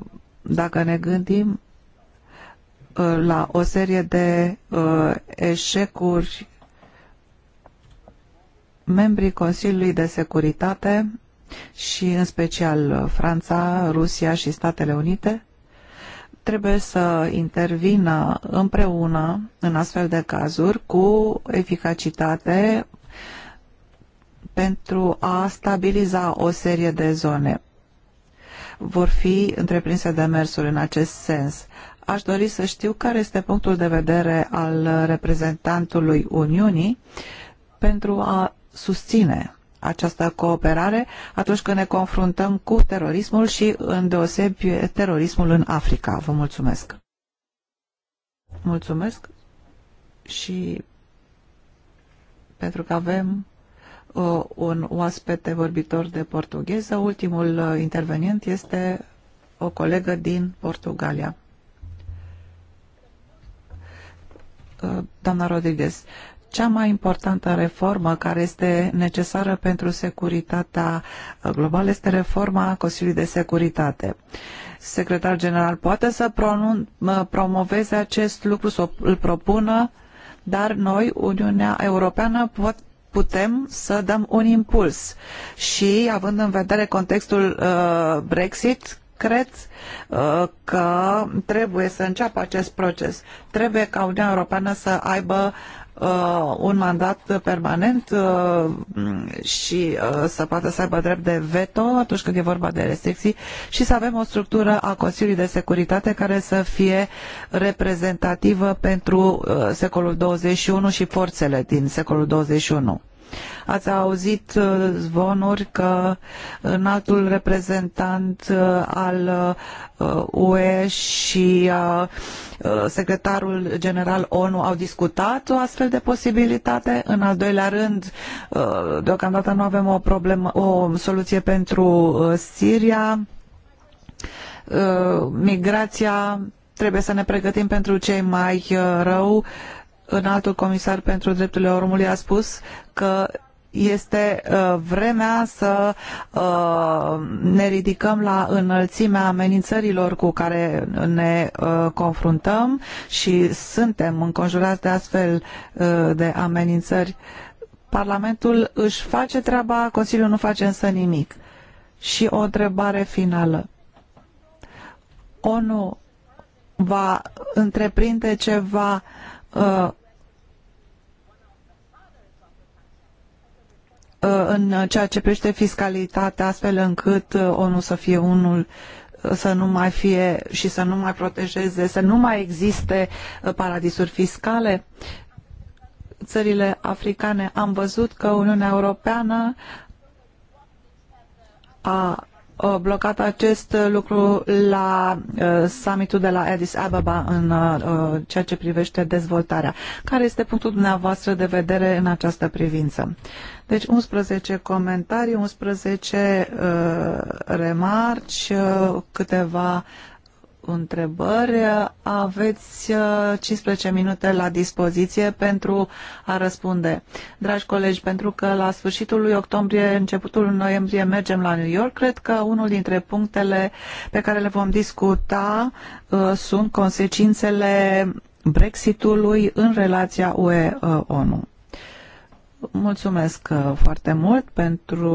dacă ne gândim uh, la o serie de uh, eșecuri, membrii Consiliului de Securitate și în special Franța, Rusia și Statele Unite trebuie să intervină împreună în astfel de cazuri cu eficacitate pentru a stabiliza o serie de zone. Vor fi întreprinse demersuri în acest sens. Aș dori să știu care este punctul de vedere al reprezentantului Uniunii pentru a susține această cooperare atunci când ne confruntăm cu terorismul și îndeosebi terorismul în Africa. Vă mulțumesc! Mulțumesc și pentru că avem uh, un oaspete vorbitor de portugheză, ultimul uh, intervenient este o colegă din Portugalia. Uh, doamna Rodriguez, cea mai importantă reformă care este necesară pentru securitatea globală este reforma Consiliului de Securitate. Secretar general poate să promoveze acest lucru, să îl propună, dar noi, Uniunea Europeană, pot, putem să dăm un impuls. Și, având în vedere contextul uh, Brexit, cred uh, că trebuie să înceapă acest proces. Trebuie ca Uniunea Europeană să aibă uh, un mandat permanent uh, și uh, să poată să aibă drept de veto atunci când e vorba de restricții și să avem o structură a Consiliului de Securitate care să fie reprezentativă pentru uh, secolul 21 și forțele din secolul 21. Ați auzit uh, zvonuri că înaltul reprezentant uh, al UE uh, și secretarul general ONU au discutat o astfel de posibilitate. În al doilea rând, deocamdată nu avem o, problemă, o soluție pentru Siria. Migrația trebuie să ne pregătim pentru cei mai rău. Uh, înaltul comisar pentru drepturile omului a spus că este uh, vremea să uh, ne ridicăm la înălțimea amenințărilor cu care ne uh, confruntăm și suntem înconjurați de astfel de amenințări. Parlamentul își face treaba, Consiliul nu face însă nimic. Și o întrebare finală. ONU va întreprinde ceva uh, Uh, în ceea ce privește fiscalitatea, astfel încât uh, ONU să fie unul uh, să nu mai fie și să nu mai protejeze, să nu mai existe paradisuri fiscale. Țările africane am văzut că Uniunea Europeană a Uh, blocat acest lucru la uh, summitul de la Addis Ababa în uh, ceea ce privește dezvoltarea. Care este punctul dumneavoastră de vedere în această privință? Deci 11 comentarii, 11 remarci, câteva întrebări. Aveți 15 uh, minute la dispoziție pentru a răspunde. Dragi colegi, pentru că la sfârșitul lui octombrie, începutul noiembrie mergem la New York, cred că unul dintre punctele pe care le vom discuta uh, sunt consecințele Brexitului în relația UE-ONU. Uh, Mulțumesc uh, foarte mult pentru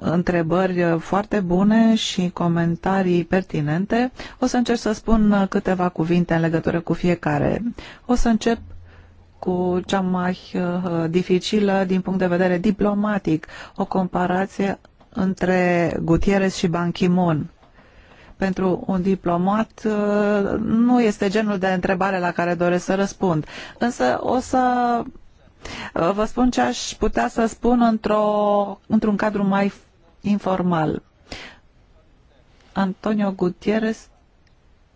întrebări foarte bune și comentarii pertinente. O să încerc să spun câteva cuvinte în legătură cu fiecare. O să încep cu cea mai uh, dificilă din punct de vedere diplomatic, o comparație între Gutierrez și Ban Ki-moon. Pentru un diplomat uh, nu este genul de întrebare la care doresc să răspund, însă o să uh, Vă spun ce aș putea să spun într-un într cadru mai informal. Antonio Gutierrez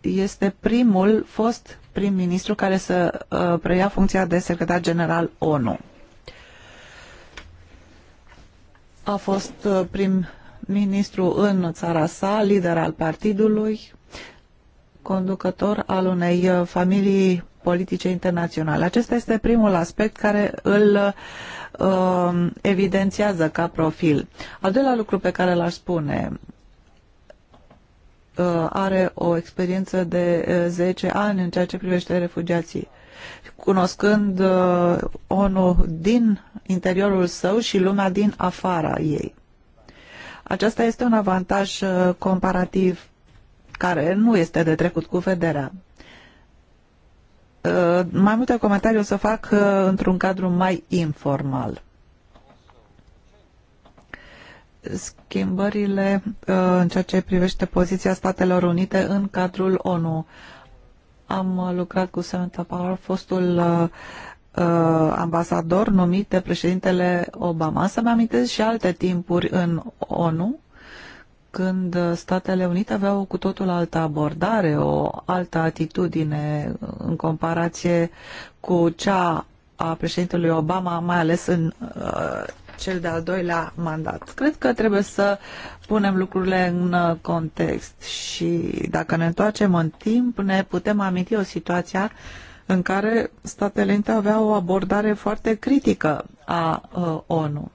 este primul fost prim-ministru care să uh, preia funcția de secretar general ONU. A fost uh, prim-ministru în țara sa, lider al partidului, conducător al unei uh, familii politice internaționale. Acesta este primul aspect care îl Um, evidențiază ca profil. Al doilea lucru pe care l-aș spune uh, are o experiență de 10 uh, ani în ceea ce privește refugiații. Cunoscând uh, ONU din interiorul său și lumea din afara ei. Acesta este un avantaj comparativ care nu este de trecut cu vederea. Uh, mai multe comentarii o să fac uh, într-un cadru mai informal. Schimbările uh, în ceea ce privește poziția Statelor Unite în cadrul ONU. Am lucrat cu Samantha Power, fostul ambasador numit de președintele Obama. Să-mi amintesc și alte timpuri în ONU când Statele Unite aveau cu totul altă abordare, o altă atitudine în comparație cu cea a președintelui Obama, mai ales în uh, cel de-al doilea mandat. Cred că trebuie să punem lucrurile în uh, context și dacă ne întoarcem în timp, ne putem aminti o situație în care Statele Unite aveau o abordare foarte critică a uh, ONU.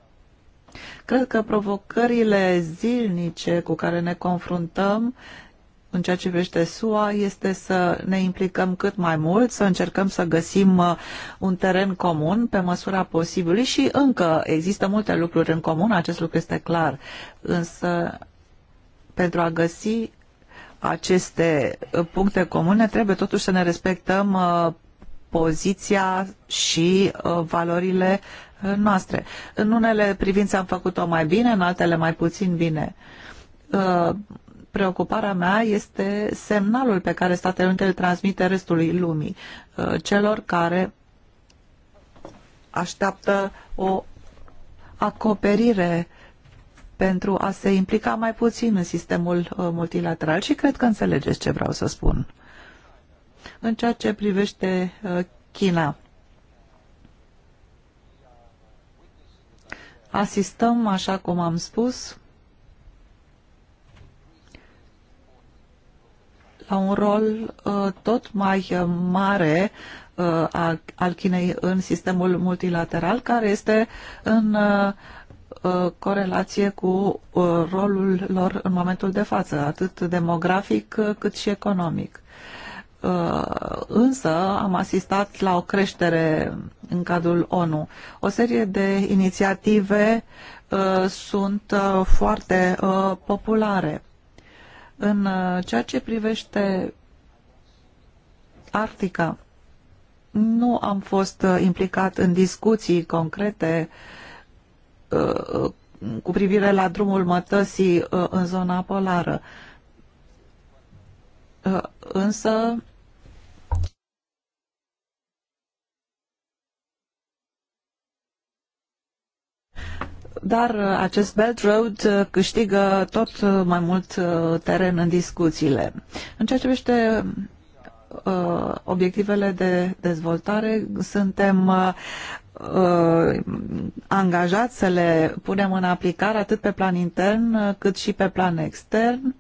Cred că provocările zilnice cu care ne confruntăm în ceea ce vește SUA este să ne implicăm cât mai mult, să încercăm să găsim uh, un teren comun pe măsura posibilului și încă există multe lucruri în comun, acest lucru este clar, însă pentru a găsi aceste uh, puncte comune trebuie totuși să ne respectăm uh, poziția și valorile noastre. În unele privințe am făcut-o mai bine, în altele mai puțin bine. Uh, preocuparea mea este semnalul pe care Statele Unite îl transmite restului lumii, uh, celor care așteaptă o acoperire pentru a se implica mai puțin în sistemul uh, multilateral și cred că înțelegeți ce vreau să spun. În ceea ce privește China, asistăm, așa cum am spus, la un rol uh, tot mai uh, mare uh, al Chinei în sistemul multilateral, care este în corelație cu rolul lor în momentul de față, atât demografic cât și economic. Uh, însă am asistat la o creștere în cadrul ONU. O serie de inițiative uh, sunt uh, foarte populare. În ceea ce privește Arctica, nu am fost implicat în discuții concrete cu privire la drumul mătăsii în zona polară. Însă dar uh, acest Belt Road uh, câștigă tot uh, mai mult teren în discuțiile. În ceea ce privește obiectivele de dezvoltare, suntem angajați să le punem în aplicare atât pe plan intern cât și pe plan extern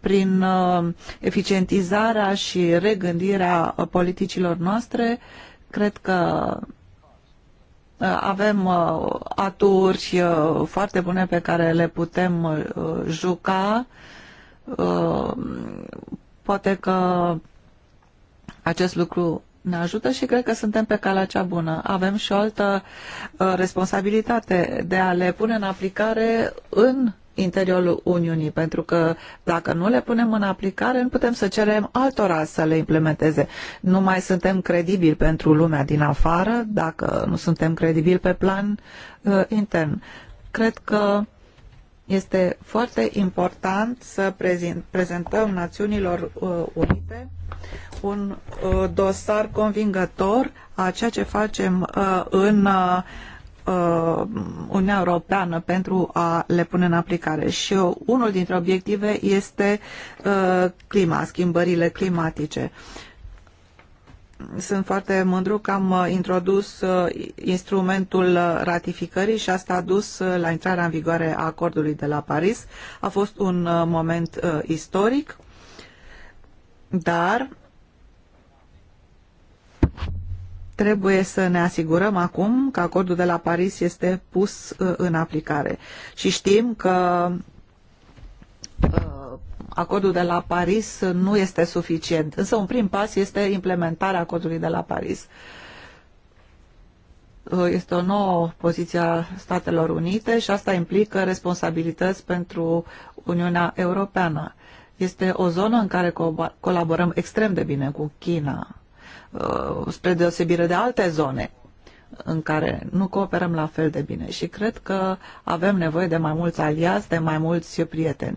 prin eficientizarea și regândirea politicilor noastre. Cred că Uh, avem uh, aturi uh, foarte bune pe care le putem juca. Poate că acest lucru ne ajută și cred că suntem pe calea cea bună. Avem și o altă responsabilitate de a le pune în aplicare în interiorul Uniunii, pentru că dacă nu le punem în aplicare, nu putem să cerem altora să le implementeze. Nu mai suntem credibili pentru lumea din afară dacă nu suntem credibili pe plan uh, intern. Cred că este foarte important să prezentăm Națiunilor uh, Unite un uh, dosar convingător a ceea ce facem uh, în uh, Uh, Uniunea Europeană pentru a le pune în aplicare și unul dintre obiective este uh, clima, schimbările climatice. Sunt foarte mândru că am uh, introdus instrumentul ratificării și asta a dus la intrarea în vigoare a acordului de la Paris. A fost un moment istoric, dar Trebuie să ne asigurăm acum că acordul de la Paris este pus uh, în aplicare. Și știm că uh, acordul de la Paris nu este suficient. Însă un prim pas este implementarea acordului de la Paris. Uh, este o nouă poziție a Statelor Unite și asta implică responsabilități pentru Uniunea Europeană. Este o zonă în care co colaborăm extrem de bine cu China. Uh, spre deosebire de alte zone în care nu cooperăm la fel de bine și cred că avem nevoie de mai mulți aliați, de mai mulți prieteni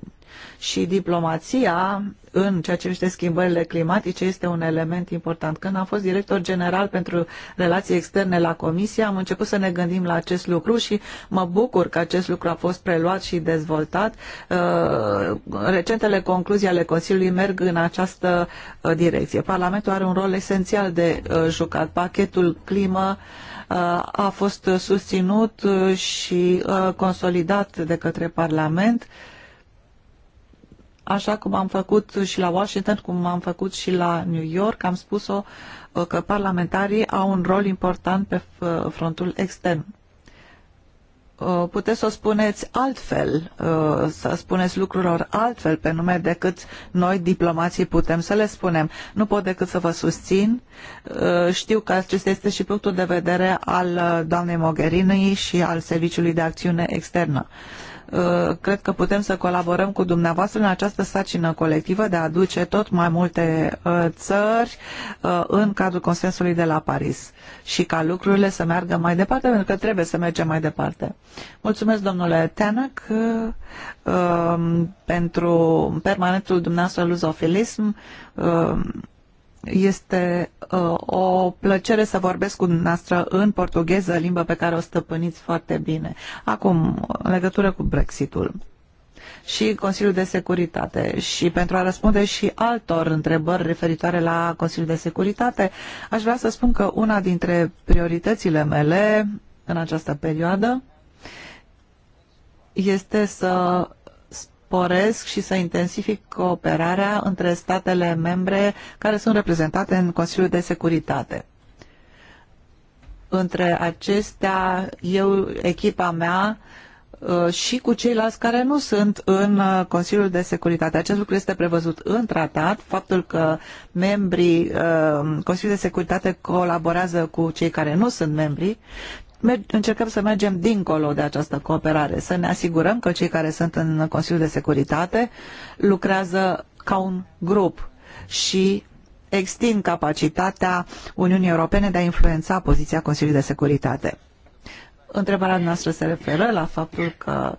și diplomația în ceea ce privește schimbările climatice este un element important. Când am fost director general pentru relații externe la Comisie, am început să ne gândim la acest lucru și mă bucur că acest lucru a fost preluat și dezvoltat. Uh, recentele concluzii ale Consiliului merg în această uh, direcție. Parlamentul are un rol esențial de uh, jucat. Pachetul climă a fost susținut și consolidat de către Parlament așa cum am făcut și la Washington, cum am făcut și la New York. Am spus-o uh, că parlamentarii au un rol important pe uh, frontul extern. Uh, puteți să o spuneți altfel, să spuneți lucrurilor altfel pe nume decât noi, diplomații, putem să le spunem. Nu pot decât să vă susțin. Știu că acesta este și punctul de vedere al doamnei Mogherini și al Serviciului de Acțiune Externă. Uh, cred că putem să colaborăm cu dumneavoastră în această sacină colectivă de a aduce tot mai multe uh, țări uh, în cadrul consensului de la Paris și ca lucrurile să meargă mai departe, pentru că trebuie să mergem mai departe. Mulțumesc, domnule Teanac, um, pentru permanentul dumneavoastră luzofilism este uh, o plăcere să vorbesc cu dumneavoastră în portugheză, limbă pe care o stăpâniți foarte bine. Acum, în legătură cu Brexitul și Consiliul de Securitate și pentru a răspunde și altor întrebări referitoare la Consiliul de Securitate, aș vrea să spun că una dintre prioritățile mele în această perioadă este să sporesc și să intensific cooperarea între statele membre care sunt reprezentate în Consiliul de Securitate. Între acestea, eu, echipa mea, uh, și cu ceilalți care nu sunt în uh, Consiliul de Securitate. Acest lucru este prevăzut în tratat, faptul că membrii uh, Consiliului de Securitate colaborează cu cei care nu sunt membri, încercăm să mergem dincolo de această cooperare, să ne asigurăm că cei care sunt în Consiliul de Securitate lucrează ca un grup și extind capacitatea Uniunii Europene de a influența poziția Consiliului de Securitate. Întrebarea noastră se referă la faptul că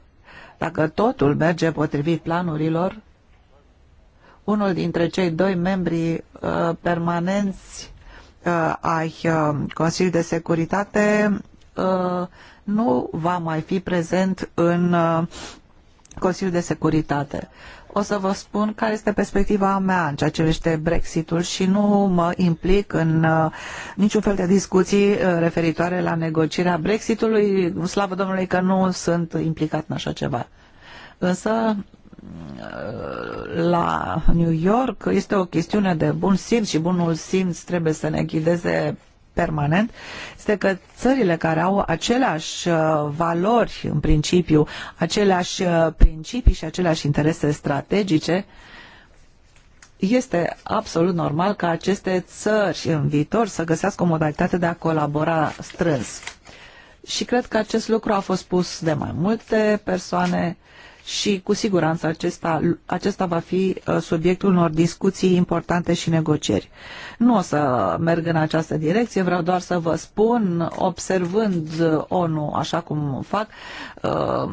dacă totul merge potrivit planurilor, unul dintre cei doi membri uh, permanenți uh, ai uh, Consiliului de Securitate Uh, nu va mai fi prezent în uh, Consiliul de Securitate. O să vă spun care este perspectiva mea în ceea ce privește Brexitul și nu mă implic în uh, niciun fel de discuții referitoare la negocierea Brexitului. Slavă Domnului că nu sunt implicat în așa ceva. Însă la New York este o chestiune de bun simț și bunul simț trebuie să ne ghideze permanent este că țările care au aceleași uh, valori în principiu, aceleași uh, principii și aceleași interese strategice, este absolut normal ca aceste țări în viitor să găsească o modalitate de a colabora strâns. Și cred că acest lucru a fost spus de mai multe persoane și cu siguranță acesta, acesta va fi uh, subiectul unor discuții importante și negocieri. Nu o să merg în această direcție, vreau doar să vă spun, observând uh, ONU așa cum fac, uh,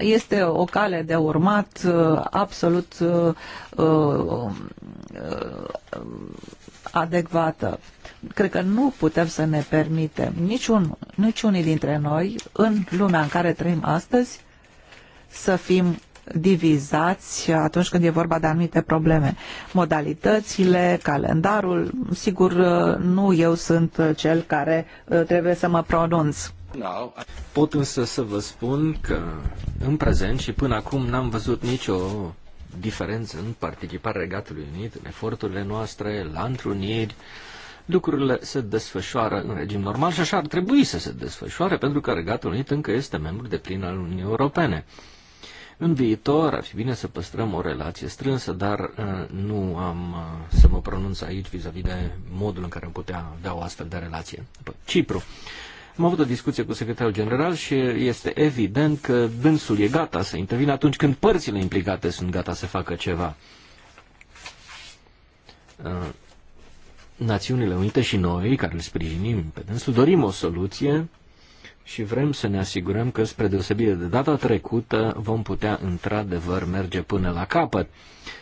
este o cale de urmat absolut adecvată. Cred că nu putem să ne permitem niciun, niciunii dintre noi în lumea în care trăim astăzi să fim divizați atunci când e vorba de anumite probleme. Modalitățile, calendarul, sigur, uh, nu eu sunt cel care uh, trebuie să mă pronunț. Pot însă să vă spun că în prezent și până acum n-am văzut nicio diferență în participarea Regatului Unit, în eforturile noastre, la întruniri, lucrurile se desfășoară în regim normal și așa ar trebui să se desfășoare, pentru că Regatul Unit încă este membru de plin al Uniunii Europene. În viitor ar fi bine să păstrăm o relație strânsă, dar uh, nu am uh, să mă pronunț aici vis-a-vis -vis de modul în care am putea avea o astfel de relație. Cipru. Am avut o discuție cu secretarul general și este evident că dânsul e gata să intervină atunci când părțile implicate sunt gata să facă ceva. Uh, Națiunile Unite și noi, care îl sprijinim pe dânsul, dorim o soluție și vrem să ne asigurăm că, spre deosebire de data trecută, vom putea într-adevăr merge până la capăt.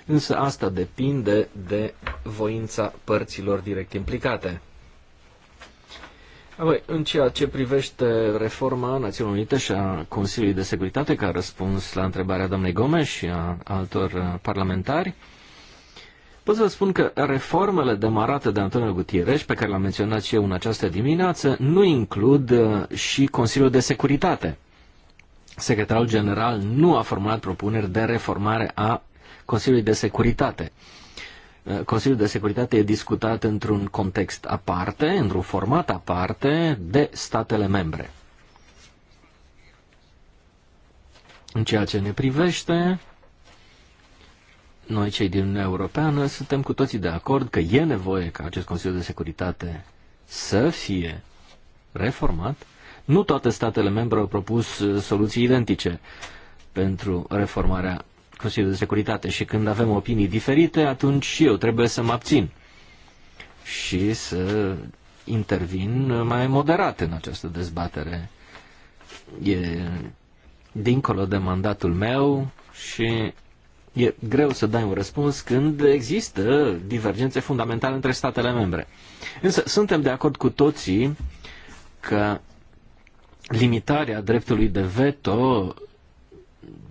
Însă asta depinde de voința părților direct implicate. Apoi, în ceea ce privește reforma Națiunilor Unite și a Consiliului de Securitate, ca răspuns la întrebarea doamnei Gomes și a altor uh, parlamentari, Pot să vă spun că reformele demarate de Antonio Gutierrez, pe care l-am menționat și eu în această dimineață, nu includ uh, și Consiliul de Securitate. Secretarul General nu a formulat propuneri de reformare a Consiliului de Securitate. Uh, Consiliul de Securitate e discutat într-un context aparte, într-un format aparte de statele membre. În ceea ce ne privește, noi, cei din Uniunea Europeană, suntem cu toții de acord că e nevoie ca acest Consiliu de Securitate să fie reformat. Nu toate statele membre au propus uh, soluții identice pentru reformarea Consiliului de Securitate și când avem opinii diferite, atunci și eu trebuie să mă abțin și să intervin mai moderat în această dezbatere. E dincolo de mandatul meu și e greu să dai un răspuns când există divergențe fundamentale între statele membre. Însă suntem de acord cu toții că limitarea dreptului de veto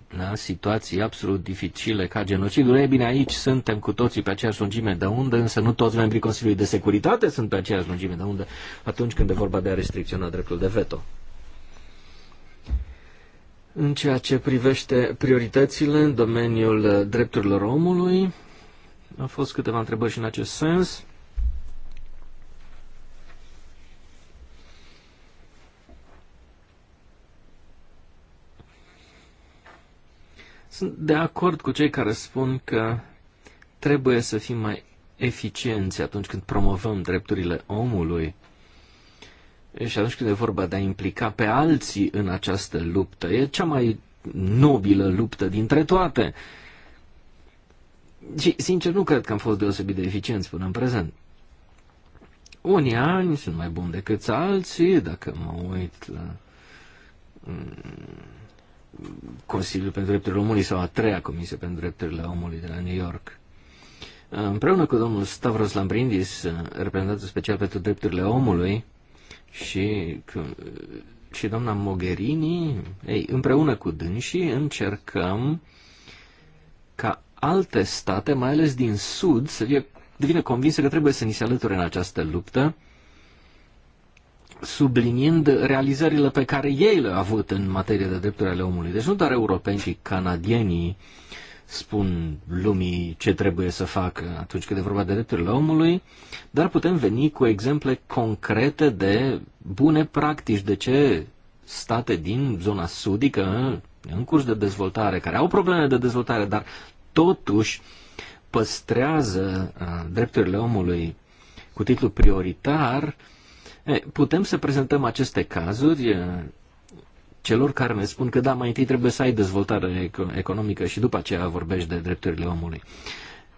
la situații absolut dificile ca genocidul, e bine, aici suntem cu toții pe aceeași lungime de undă, însă nu toți membrii Consiliului de Securitate sunt pe aceeași lungime de undă atunci când e vorba de a restricționa dreptul de veto. În ceea ce privește prioritățile în domeniul uh, drepturilor omului, au fost câteva întrebări și în acest sens. Sunt de acord cu cei care spun că trebuie să fim mai eficienți atunci când promovăm drepturile omului și atunci când e vorba de a implica pe alții în această luptă, e cea mai nobilă luptă dintre toate. Și, sincer, nu cred că am fost deosebit de eficienți până în prezent. Unii ani sunt mai buni decât alții, dacă mă uit la mm, Consiliul pentru Drepturile Omului sau a treia Comisie pentru Drepturile Omului de la New York. Împreună cu domnul Stavros Lambrindis, reprezentantul special pentru drepturile omului, și, și doamna Mogherini, ei, împreună cu dânsii încercăm ca alte state, mai ales din Sud, să fie, devină convinse că trebuie să ni se alăture în această luptă, subliniind realizările pe care ei le-au avut în materie de drepturi ale omului. Deci nu doar europeni, ci canadienii uh, spun lumii ce trebuie să facă atunci când e vorba de drepturile omului, dar putem veni cu exemple concrete de bune practici, de ce state din zona sudică, în curs de dezvoltare, care au probleme de dezvoltare, dar totuși păstrează uh, drepturile omului cu titlu prioritar, putem să prezentăm aceste cazuri uh, celor care ne spun că da, mai întâi trebuie să ai dezvoltare economică și după aceea vorbești de drepturile omului.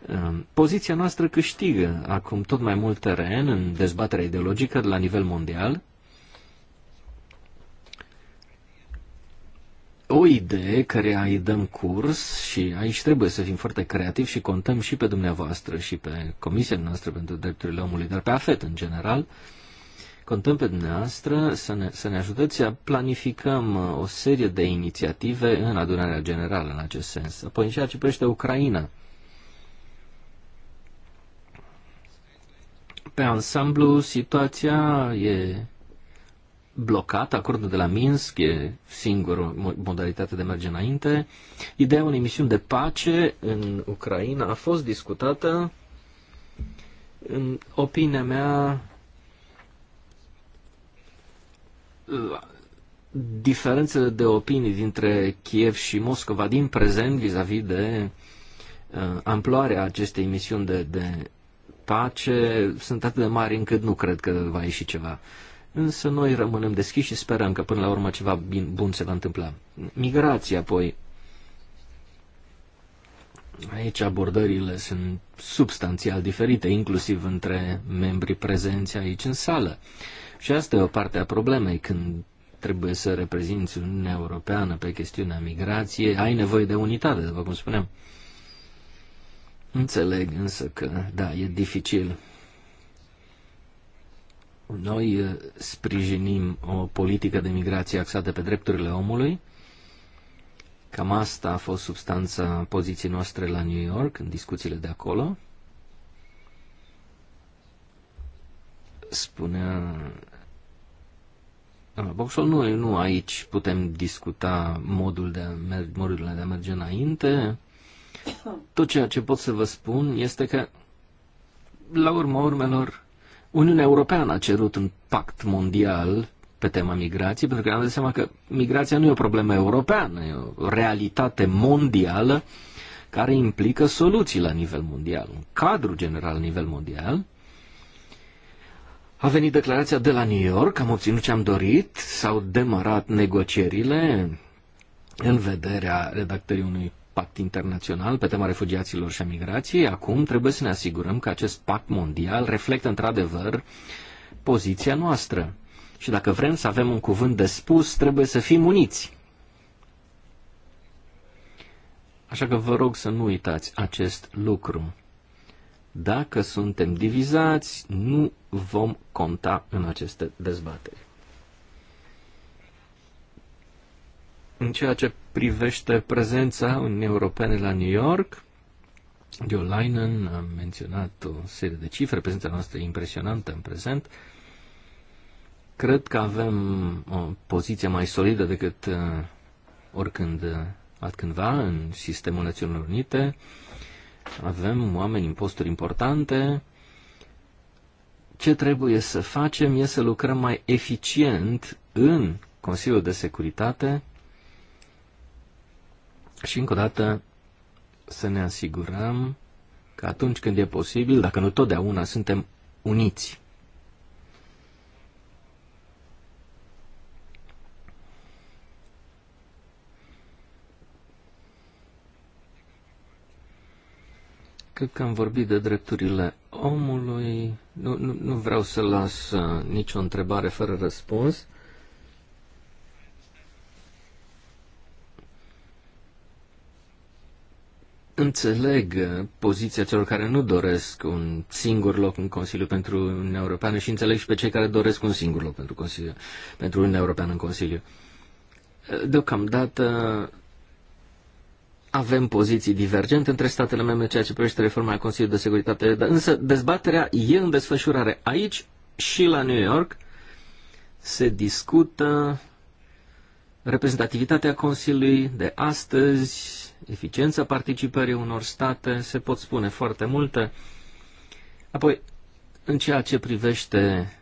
Ehm, poziția noastră câștigă acum tot mai mult teren în dezbaterea ideologică de la nivel mondial. O idee care îi dăm curs și aici trebuie să fim foarte creativi și contăm și pe dumneavoastră și pe Comisia noastră pentru drepturile omului, dar pe AFET în general, uh, Contăm pe dumneavoastră să ne, să ne ajutați să planificăm uh, o serie de inițiative în adunarea generală în acest sens. Apoi în ceea ce privește Ucraina, pe ansamblu situația e blocat, acordul de la Minsk e singură modalitate de a merge înainte. Ideea unei misiuni de pace în Ucraina a fost discutată. În opinia mea, diferențele de opinii dintre Kiev și Moscova din prezent vis-a-vis -vis de uh, amploarea acestei misiuni de, de pace sunt atât de mari încât nu cred că va ieși ceva. Însă noi rămânem deschiși și sperăm că până la urmă ceva bun se va întâmpla. Migrația, apoi. Aici abordările sunt substanțial diferite, inclusiv între membrii prezenți aici în sală. Uh, și asta e o parte a problemei când trebuie să reprezinți Uniunea Europeană pe chestiunea migrației, ai nevoie de unitate, după cum spuneam. Înțeleg însă că, da, e dificil. Noi eh, sprijinim o politică de migrație axată pe drepturile omului. Cam asta a fost substanța poziției noastre la New York, în discuțiile de acolo. Spunea Boxul ah, nu, nu aici putem discuta modul de a merge, modurile de a merge înainte. Tot ceea ce pot să vă spun este că, la urma urmelor, Uniunea Europeană a cerut un pact mondial pe tema migrației, pentru că am dat seama că migrația nu e o problemă europeană, e o realitate mondială care implică soluții la nivel mondial, un cadru general la nivel mondial a venit declarația de la New York, am obținut ce am dorit, s-au demarat negocierile în vederea redactării unui pact internațional pe tema refugiaților și a migrației. Acum trebuie să ne asigurăm că acest pact mondial reflectă într-adevăr poziția noastră. Și dacă vrem să avem un cuvânt de spus, trebuie să fim uniți. Așa că vă rog să nu uitați acest lucru. Dacă suntem divizați, nu vom conta în aceste dezbateri. În ceea ce privește prezența Uniunii Europene la New York, Joe Leinen a menționat o serie de cifre, prezența noastră e impresionantă în prezent. Cred că avem o poziție mai solidă decât uh, oricând uh, altcândva în sistemul Națiunilor Unite. Avem oameni în posturi importante. Ce trebuie să facem e să lucrăm mai eficient în Consiliul de Securitate și încă o dată să ne asigurăm că atunci când e posibil, dacă nu totdeauna, suntem uniți. Cred că am vorbit de drepturile omului. Nu, nu, nu vreau să las uh, nicio întrebare fără răspuns. Înțeleg uh, poziția celor care nu doresc un singur loc în Consiliu pentru Uniunea Europeană și înțeleg și pe cei care doresc un singur loc pentru, Consiliu, pentru Uniunea Europeană în Consiliu. Uh, deocamdată avem poziții divergente între statele membre în ceea ce privește reforma Consiliului de Securitate, dar însă dezbaterea e în desfășurare aici și la New York. Se discută reprezentativitatea Consiliului de astăzi, eficiența participării unor state, se pot spune foarte multe. Apoi, în ceea ce privește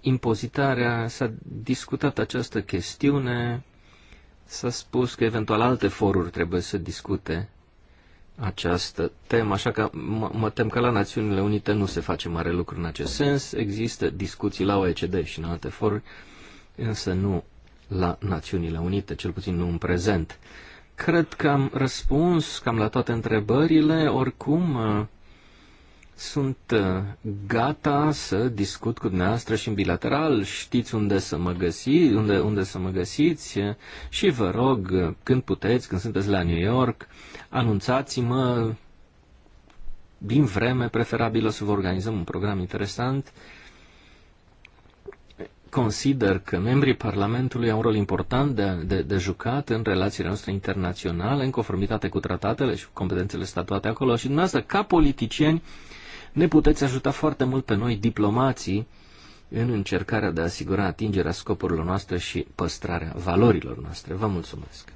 impozitarea, s-a discutat această chestiune, S-a spus că eventual alte foruri trebuie să discute această temă, așa că mă, mă tem că la Națiunile Unite nu se face mare lucru în acest sens. Există discuții la OECD și în alte foruri, însă nu la Națiunile Unite, cel puțin nu în prezent. Cred că am răspuns cam la toate întrebările, oricum uh, sunt uh, gata să discut cu dumneavoastră și în bilateral, știți unde să mă, găsi, unde, unde să mă găsiți și vă rog, când puteți, când sunteți la New York, anunțați-mă din vreme, preferabil o să vă organizăm un program interesant. Consider că membrii Parlamentului au un rol important de, de, de jucat în relațiile noastre internaționale, în conformitate cu tratatele și cu competențele statuate acolo și dumneavoastră, ca politicieni, uh, ne puteți ajuta foarte mult pe noi, diplomații, în încercarea de a asigura atingerea scopurilor noastre și păstrarea valorilor noastre. Vă mulțumesc!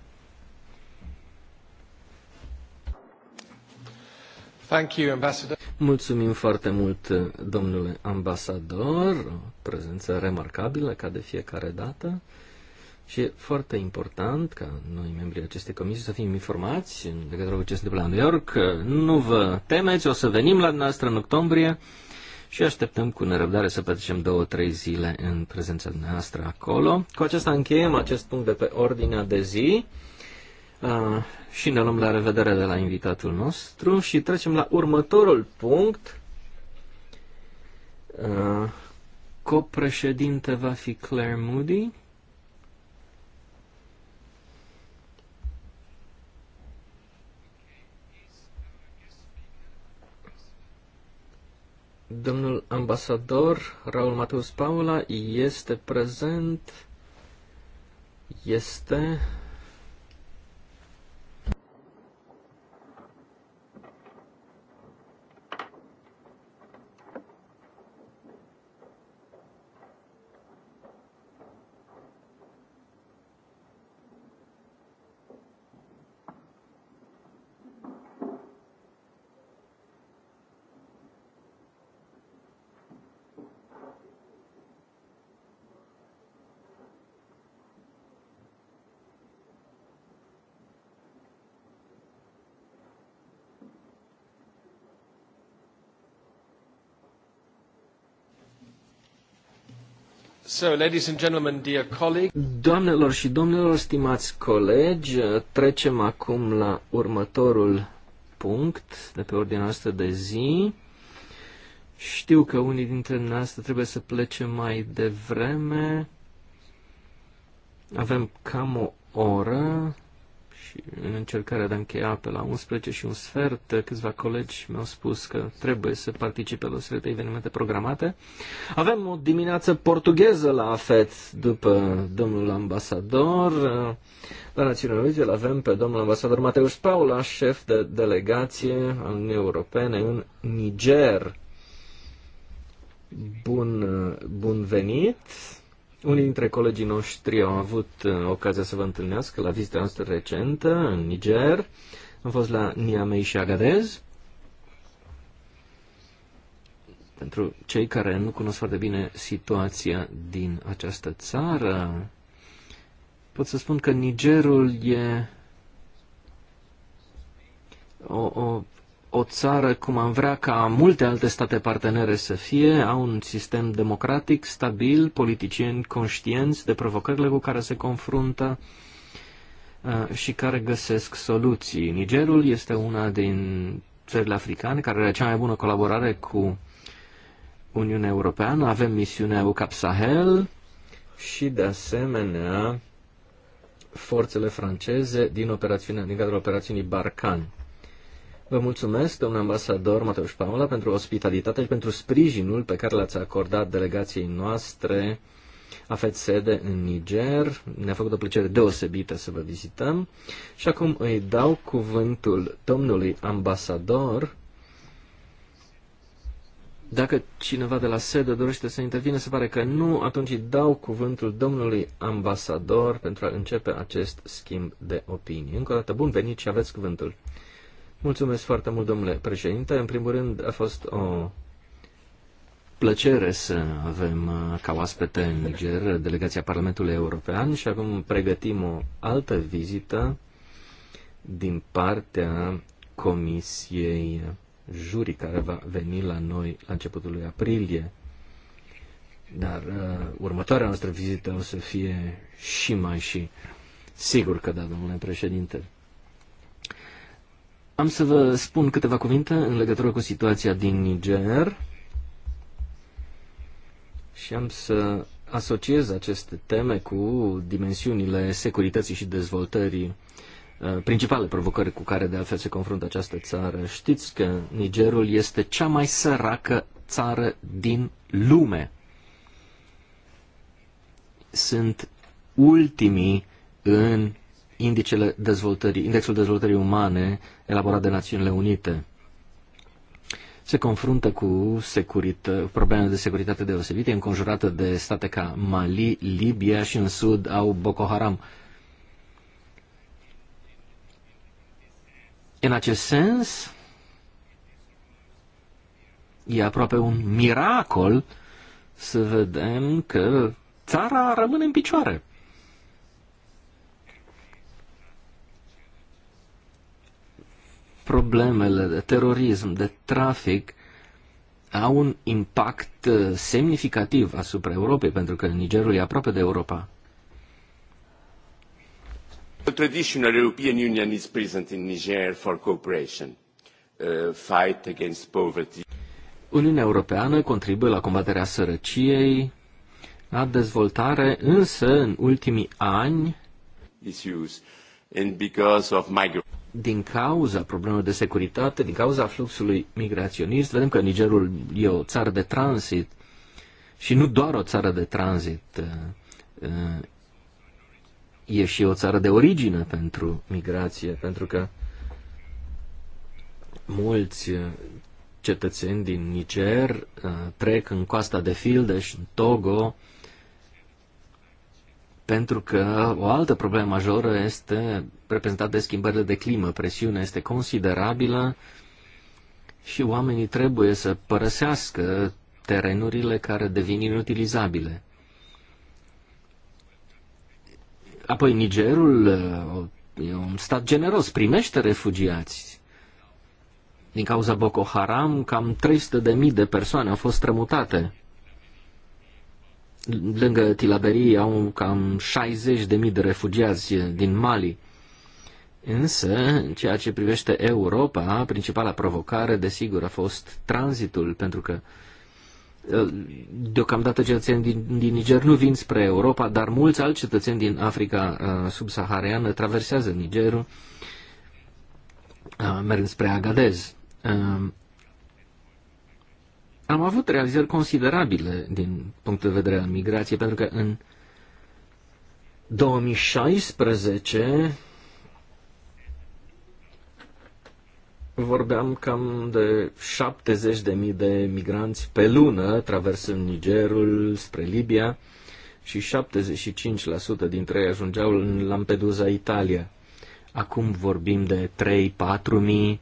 Thank you, Ambassador. Mulțumim foarte mult, domnule ambasador, o prezență remarcabilă ca de fiecare dată. Și e foarte important ca noi, membrii acestei comisii, să fim informați în legătură cu ce se întâmplă la New York. Nu vă temeți, o să venim la dumneavoastră în octombrie și așteptăm cu nerăbdare să petrecem două, trei zile în prezența dumneavoastră acolo. Cu acesta încheiem acest punct de pe ordinea de zi și ne luăm la revedere de la invitatul nostru și trecem la următorul punct. Copreședinte va fi Claire Moody. Domnul ambasador Raul Mateus Paula este prezent, este So, ladies and gentlemen, dear colleague. Doamnelor și domnilor, stimați colegi, trecem acum la următorul punct de pe ordinea noastră de zi. Știu că unii dintre noastre trebuie să plece mai devreme. Avem cam o oră și în încercarea de a încheia pe la 11 și un sfert, câțiva colegi mi-au spus că trebuie să participe la o serie de evenimente programate. Avem o dimineață portugheză la AFET după domnul ambasador. La Națiunea Unite îl avem pe domnul ambasador Mateus Paula, șef de delegație al Uniunii Europene în Niger. Bun, bun venit! Unii dintre colegii noștri au avut uh, ocazia să vă întâlnească la vizita noastră recentă în Niger. Am fost la Niamey și Agadez. Pentru cei care nu cunosc foarte bine situația din această țară, pot să spun că Nigerul e o, o o țară cum am vrea ca multe alte state partenere să fie, au un sistem democratic, stabil, politicieni conștienți de provocările cu care se confruntă uh, și care găsesc soluții. Nigerul este una din țările africane care are cea mai bună colaborare cu Uniunea Europeană. Avem misiunea UCAP Sahel și, de asemenea, forțele franceze din, operațiunea, din cadrul operațiunii Barcan. Vă mulțumesc, domnule ambasador Mateuș Paula, pentru ospitalitate și pentru sprijinul pe care l-ați acordat delegației noastre. Aveți sede în Niger. Ne-a făcut o plăcere deosebită să vă vizităm. Și acum îi dau cuvântul domnului ambasador. Dacă cineva de la sede dorește să intervine, se pare că nu, atunci îi dau cuvântul domnului ambasador pentru a începe acest schimb de opinii. Încă o dată, bun venit și aveți cuvântul. Mulțumesc foarte mult, domnule președinte. În primul rând, a fost o plăcere să avem uh, ca oaspete în Niger delegația Parlamentului European și acum pregătim o altă vizită din partea Comisiei Juri, care va veni la noi la începutul lui aprilie. Dar uh, următoarea noastră vizită o să fie și mai și. Sigur că da, domnule președinte. Am să vă spun câteva cuvinte în legătură cu situația din Niger și am să asociez aceste teme cu dimensiunile securității și dezvoltării, uh, principale provocări cu care de altfel se confruntă această țară. Știți că Nigerul este cea mai săracă țară din lume. Sunt ultimii în indicele dezvoltării, indexul dezvoltării umane elaborat de Națiunile Unite. Se confruntă cu securită, probleme de securitate deosebite, înconjurată de state ca Mali, Libia și în sud au Boko Haram. În acest sens, e aproape un miracol să vedem că țara rămâne în picioare. problemele de terorism, de trafic, au un impact uh, semnificativ asupra Europei, pentru că Nigerul e aproape de Europa. The traditional European Union is present in Niger for cooperation, uh, fight against poverty. Uniunea Europeană contribuie la combaterea sărăciei, la dezvoltare, însă în ultimii ani issues and because of migration din cauza problemelor de securitate, din cauza fluxului migraționist, vedem că Nigerul e o țară de tranzit și nu doar o țară de tranzit, uh, uh, e și o țară de origine pentru migrație, pentru că mulți uh, cetățeni din Niger trec în coasta de Fildeș, în Togo, pentru că o altă problemă majoră este reprezentat de schimbările de climă. Presiunea este considerabilă și oamenii trebuie să părăsească terenurile care devin inutilizabile. Apoi Nigerul uh, e un stat generos, primește refugiați. Din cauza Boko Haram, cam 300.000 de, de persoane au fost strămutate. Lângă Tilaberii au cam 60.000 de, de refugiați din Mali. Însă, în ceea ce privește Europa, principala provocare, desigur, a fost tranzitul, pentru că ă, deocamdată cetățeni din, din Niger nu vin spre Europa, dar mulți alți cetățeni din Africa ă, subsahariană traversează Nigerul, ă, mergând spre Agadez. Am avut realizări considerabile din punct de vedere al migrației, pentru că în 2016 vorbeam cam de 70.000 de de migranți pe lună, traversând Nigerul spre Libia și 75% dintre ei ajungeau în Lampedusa, Italia. Acum vorbim de 3 mii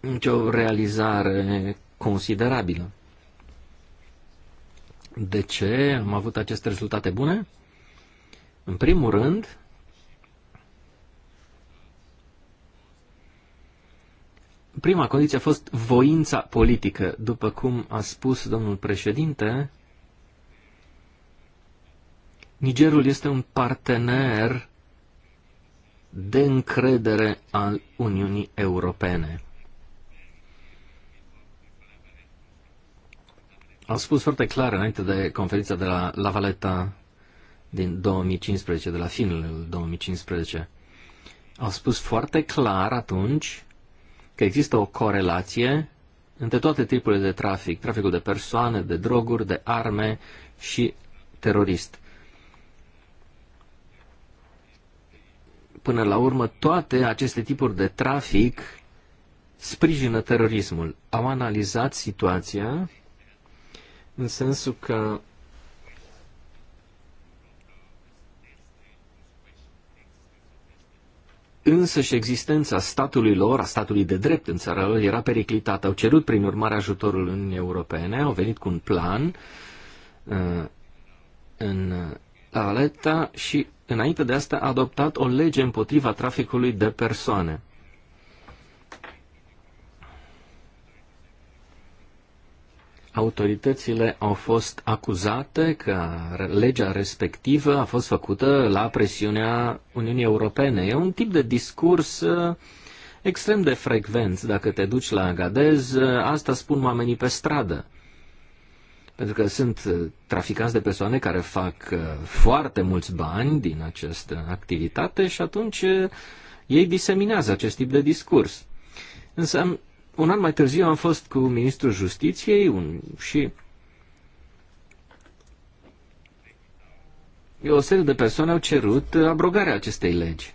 Deci o realizare considerabilă. De ce am avut aceste rezultate bune? În primul rând, Prima condiție a fost voința politică. După cum a spus domnul președinte, Nigerul este un partener de încredere al Uniunii Europene. A spus foarte clar înainte de conferința de la La Valeta din 2015, de la finalul 2015. A spus foarte clar atunci că există o corelație între toate tipurile de trafic, traficul de persoane, de droguri, de arme și terorist. Până la urmă, toate aceste tipuri de trafic sprijină terorismul. Am analizat situația în sensul că însăși existența statului lor, a statului de drept în țara lor, era periclitată. Au cerut, prin urmare, ajutorul în Europene, au venit cu un plan uh, în uh, Aleta și, înainte de asta, a adoptat o lege împotriva traficului de persoane. autoritățile au fost acuzate că legea respectivă a fost făcută la presiunea Uniunii Europene. E un tip de discurs uh, extrem de frecvent. Dacă te duci la Agadez, uh, asta spun oamenii pe stradă. Pentru că sunt uh, traficanți de persoane care fac foarte mulți bani din această activitate și atunci ei diseminează acest tip de discurs. Însă un an mai târziu am fost cu ministrul justiției un, și o serie de persoane au cerut abrogarea acestei legi.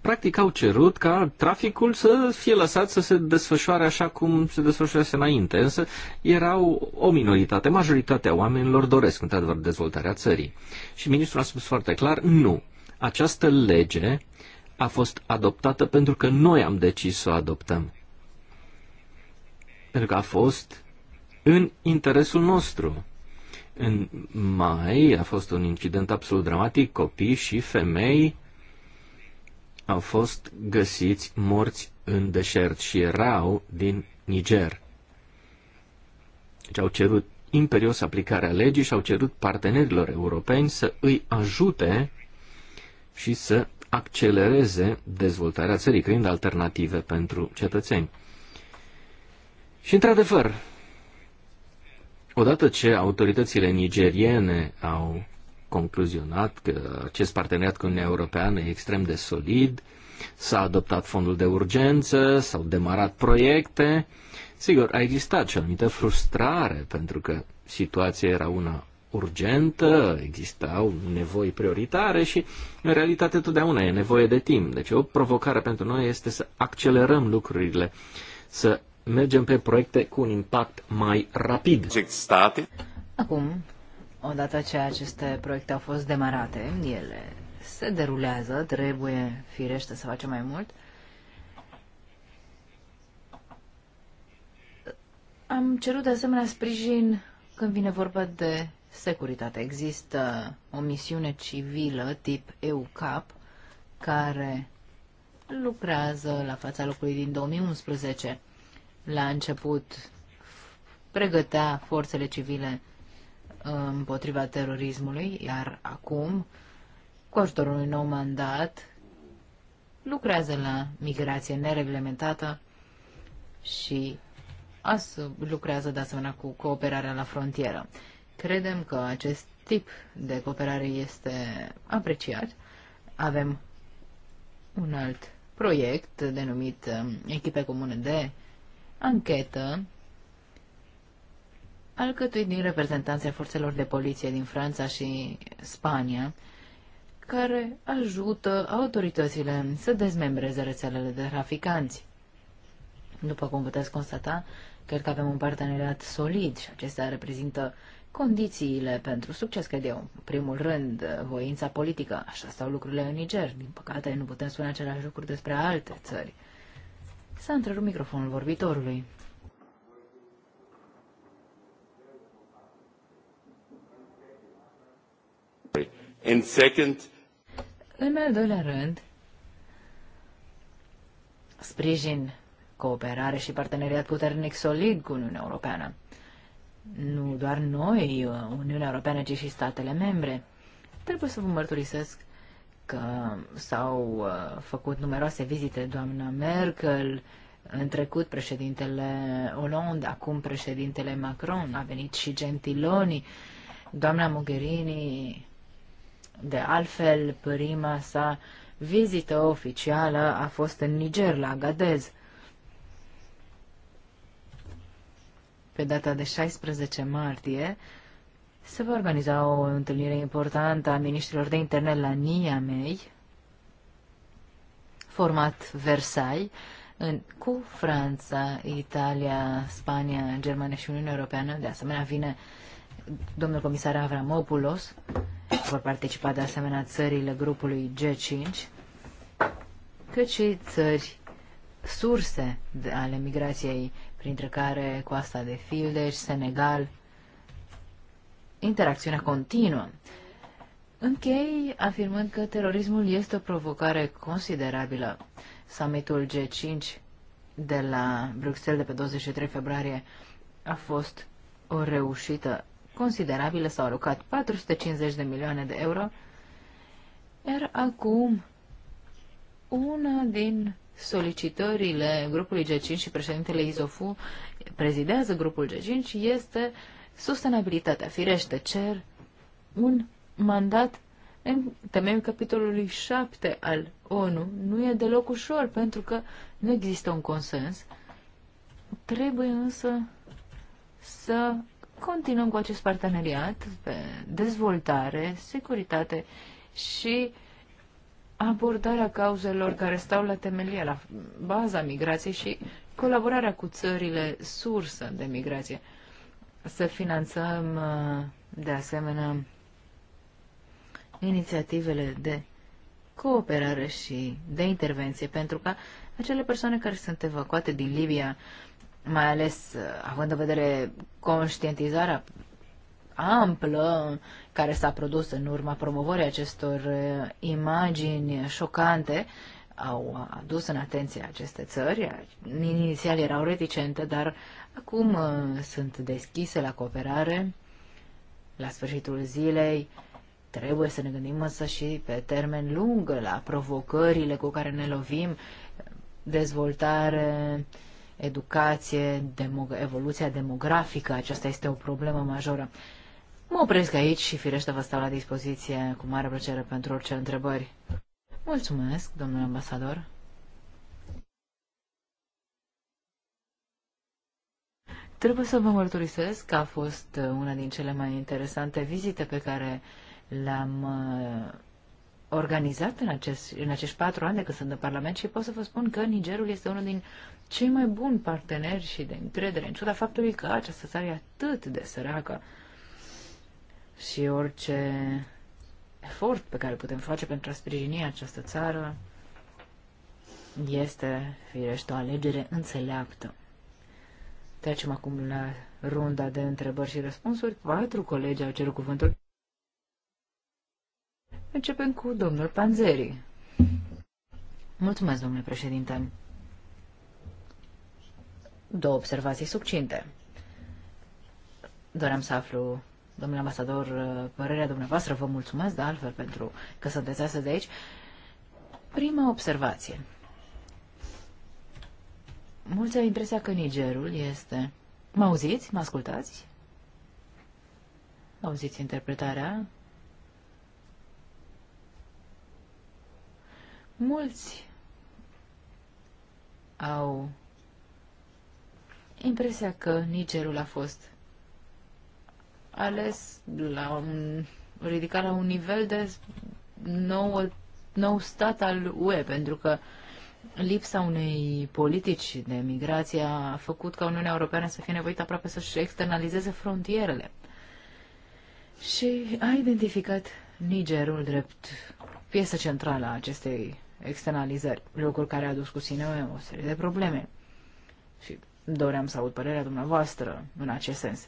Practic au cerut ca traficul să fie lăsat să se desfășoare așa cum se desfășurase înainte, însă erau o minoritate, majoritatea oamenilor doresc într-adevăr dezvoltarea țării. Și ministrul a spus foarte clar, nu, această lege a fost adoptată pentru că noi am decis să o adoptăm. Pentru că a fost în interesul nostru. În mai a fost un incident absolut dramatic, copii și femei au fost găsiți morți în deșert și erau din Niger. Deci au cerut imperios aplicarea legii și au cerut partenerilor europeni să îi ajute și să accelereze dezvoltarea țării, creând alternative pentru cetățeni. Și într-adevăr, odată ce autoritățile nigeriene au concluzionat că acest parteneriat cu Uniunea Europeană e extrem de solid, s-a adoptat fondul de urgență, s-au demarat proiecte. Sigur, a existat și o anumită frustrare pentru că situația era una urgentă, existau nevoi prioritare și, în realitate, totdeauna e nevoie de timp. Deci o provocare pentru noi este să accelerăm lucrurile, să mergem pe proiecte cu un impact mai rapid. Acum, odată ce aceste proiecte au fost demarate, ele se derulează, trebuie firește să facem mai mult. Am cerut de asemenea sprijin când vine vorba de securitate. Există o misiune civilă tip EUCAP care lucrează la fața locului din 2011. La început pregătea forțele civile uh, împotriva terorismului, iar acum, cu ajutorul unui nou mandat, lucrează la migrație nereglementată și lucrează de asemenea cu cooperarea la frontieră. Credem că acest tip de cooperare este apreciat. Avem un alt proiect denumit um, Echipe Comune de Anchetă, alcătuit din reprezentanții forțelor de poliție din Franța și Spania, care ajută autoritățile să dezmembreze rețelele de traficanți. După cum puteți constata, cred că avem un parteneriat solid și acesta reprezintă condițiile pentru succes, cred eu. În primul rând, uh, voința politică. Așa stau lucrurile în Niger. Din păcate, nu putem spune același lucru despre alte țări. S-a întrerupt microfonul vorbitorului. And second... În al doilea rând, sprijin, cooperare și parteneriat puternic solid cu Uniunea Europeană nu doar noi, Uniunea Europeană, ci și statele membre. Trebuie să vă mărturisesc că s-au uh, făcut numeroase vizite doamna Merkel, în trecut președintele Hollande, acum președintele Macron, a venit și Gentiloni, doamna Mogherini, de altfel prima sa vizită oficială a fost în Niger, la Gadez. Pe data de 16 martie se va organiza o întâlnire importantă a ministrilor de interne la Niamey, format Versailles, în, cu Franța, Italia, Spania, Germania și Uniunea Europeană. De asemenea, vine domnul comisar Avramopoulos, vor participa de asemenea țările grupului G5, cât și țări surse ale migrației printre care Coasta de Fildeș, Senegal, interacțiunea continuă. Închei afirmând că terorismul este o provocare considerabilă. Summitul G5 de la Bruxelles de pe 23 februarie a fost o reușită considerabilă, s-au alocat 450 de milioane de euro, iar acum una din solicitările grupului G5 și președintele Izofu prezidează grupul G5 este sustenabilitatea. Firește, cer un mandat în temeiul capitolului 7 al ONU. Nu e deloc ușor pentru că nu există un consens. Trebuie însă să continuăm cu acest parteneriat pe dezvoltare, securitate și uh, abordarea cauzelor care stau la temelie la baza migrației și colaborarea cu țările sursă de migrație. Să finanțăm uh, de asemenea inițiativele de cooperare și de intervenție pentru ca acele persoane care sunt evacuate din Libia, mai ales uh, având în vedere conștientizarea amplă care s-a produs în urma promovării acestor eh, imagini șocante au adus în atenție aceste țări. Inițial erau reticente, dar acum eh, sunt deschise la cooperare. La sfârșitul zilei trebuie să ne gândim însă și pe termen lung la provocările cu care ne lovim, dezvoltare, educație, demog- evoluția demografică, aceasta este o problemă majoră. Mă opresc aici și firește vă stau la dispoziție cu mare plăcere pentru orice întrebări. Mulțumesc, domnule ambasador. Trebuie să vă mărturisesc că a fost una din cele mai interesante vizite pe care le-am uh, organizat în, acest, în acești patru ani de când sunt în Parlament și pot să vă spun că Nigerul este unul din cei mai buni parteneri și de încredere, în ciuda faptului că această țară e atât de săracă și orice efort pe care putem face pentru a sprijini această țară este, firește, o alegere înțeleaptă. Trecem acum la runda de întrebări și răspunsuri. Patru colegi au cerut cuvântul. Începem cu domnul Panzeri. Mulțumesc, domnule președinte. Două observații succinte. Doream să aflu Domnule ambasador, uh, părerea dumneavoastră vă mulțumesc de altfel pentru că sunteți astăzi aici. Prima observație. Mulți au impresia că Nigerul este... Mă auziți? Mă ascultați? Auziți interpretarea? Mulți au impresia că Nigerul a fost ales la un, ridicat la un nivel de nou, nou stat al UE, pentru că lipsa unei politici de migrație a făcut ca Uniunea Europeană să fie nevoită aproape să-și externalizeze frontierele. Și a identificat Nigerul drept piesă centrală a acestei externalizări, lucruri care a dus cu sine o serie de probleme. Și doream să aud părerea dumneavoastră în acest sens.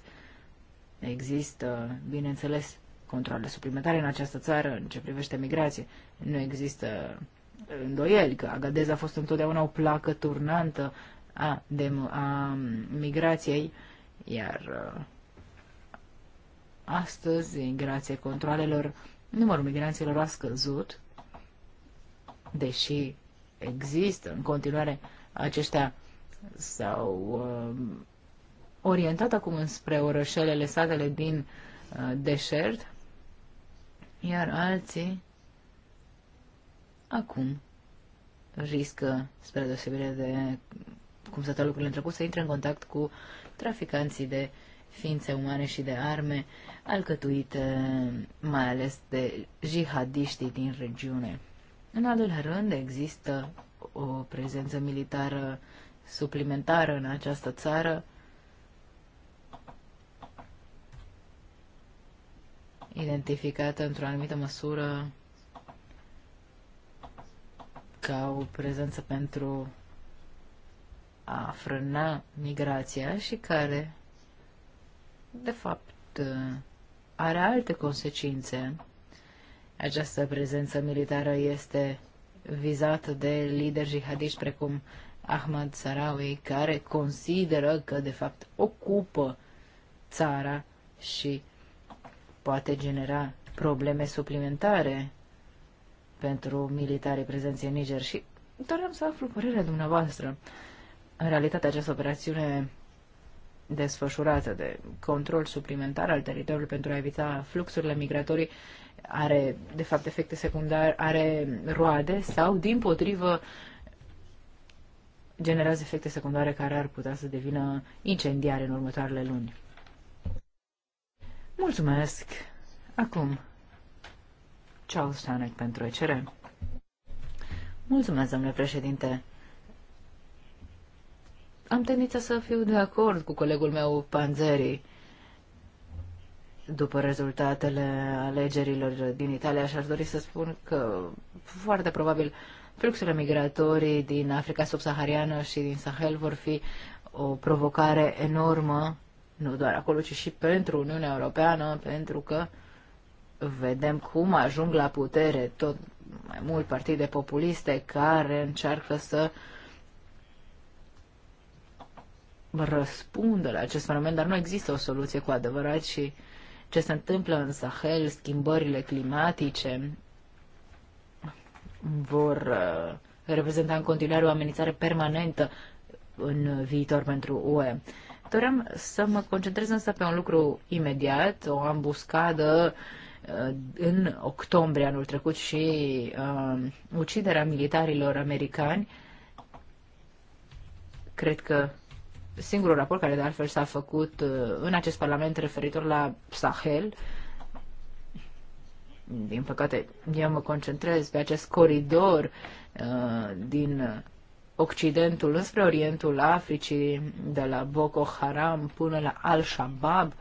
Există, bineînțeles, controle suplimentare în această țară în ce privește migrație. Nu există îndoieli că Agadez a fost întotdeauna o placă turnantă a, de, a migrației, iar uh, astăzi, grație controlelor, numărul migranților a scăzut, deși există în continuare aceștia sau uh, orientat acum înspre orășelele, satele din uh, deșert, iar alții acum riscă, spre deosebire de cum se lucrurile în trecut, să intre în contact cu traficanții de ființe umane și de arme, alcătuite mai ales de jihadiștii din regiune. În al doilea rând, există o prezență militară suplimentară în această țară, identificată într-o anumită măsură ca o prezență pentru a frâna migrația și care, de fapt, are alte consecințe. Această prezență militară este vizată de lideri jihadiști precum Ahmad Sarawi, care consideră că, de fapt, ocupă țara și poate genera probleme suplimentare pentru militarii prezenți în Niger și doream să aflu părerea dumneavoastră. În realitate, această operațiune desfășurată de control suplimentar al teritoriului pentru a evita fluxurile migratorii are, de fapt, efecte secundare, are roade sau, din potrivă, generează efecte secundare care ar putea să devină incendiare în următoarele luni. Mulțumesc! Acum, Charles Stanek pentru ECR. Mulțumesc, domnule președinte. Am tendința să fiu de acord cu colegul meu Panzeri. După rezultatele alegerilor din Italia, și-aș dori să spun că foarte probabil fluxurile migratorii din Africa subsahariană și din Sahel vor fi o provocare enormă nu doar acolo, ci și pentru Uniunea Europeană, pentru că vedem cum ajung la putere tot mai mult partide populiste care încearcă să răspundă la acest fenomen, dar nu există o soluție cu adevărat și ce se întâmplă în Sahel, schimbările climatice vor uh, reprezenta în continuare o amenințare permanentă în viitor pentru UE. Doream să mă concentrez însă pe un lucru imediat, o ambuscadă uh, în octombrie anul trecut și uh, uciderea militarilor americani. Cred că singurul raport care de altfel s-a făcut uh, în acest parlament referitor la Sahel, din păcate eu mă concentrez pe acest coridor uh, din Occidentul înspre Orientul Africii, de la Boko Haram până la Al-Shabaab,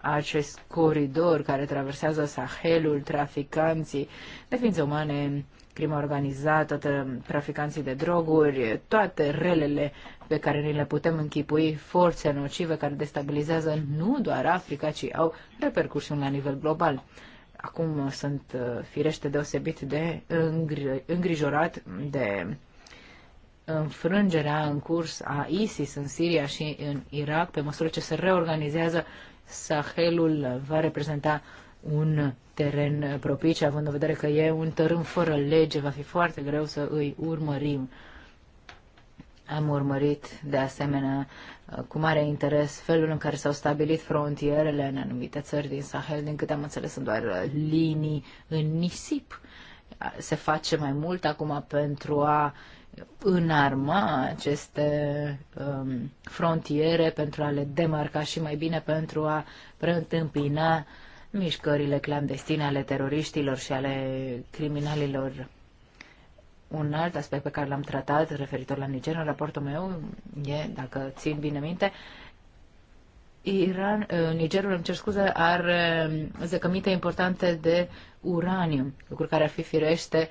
acest coridor care traversează Sahelul, traficanții de ființe umane, crima organizată, uh, traficanții de droguri, toate relele pe care ni le putem închipui, forțe nocive care destabilizează nu doar Africa, ci au repercursiuni la nivel global. Acum sunt uh, firește deosebit de îngri- îngrijorat de înfrângerea în curs a ISIS în Siria și în Irak, pe măsură ce se reorganizează, Sahelul va reprezenta un teren propice, având în vedere că e un tărâm fără lege, va fi foarte greu să îi urmărim. Am urmărit, de asemenea, cu mare interes felul în care s-au stabilit frontierele în anumite țări din Sahel, din câte am înțeles sunt doar linii în nisip. Se face mai mult acum pentru a înarma aceste um, frontiere pentru a le demarca și mai bine pentru a preîntâmpina mișcările clandestine ale teroriștilor și ale criminalilor. Un alt aspect pe care l-am tratat referitor la Niger în raportul meu e, dacă țin bine minte, Iran, uh, Nigerul, îmi cer scuze, are um, zăcăminte importante de uraniu, lucru care ar fi firește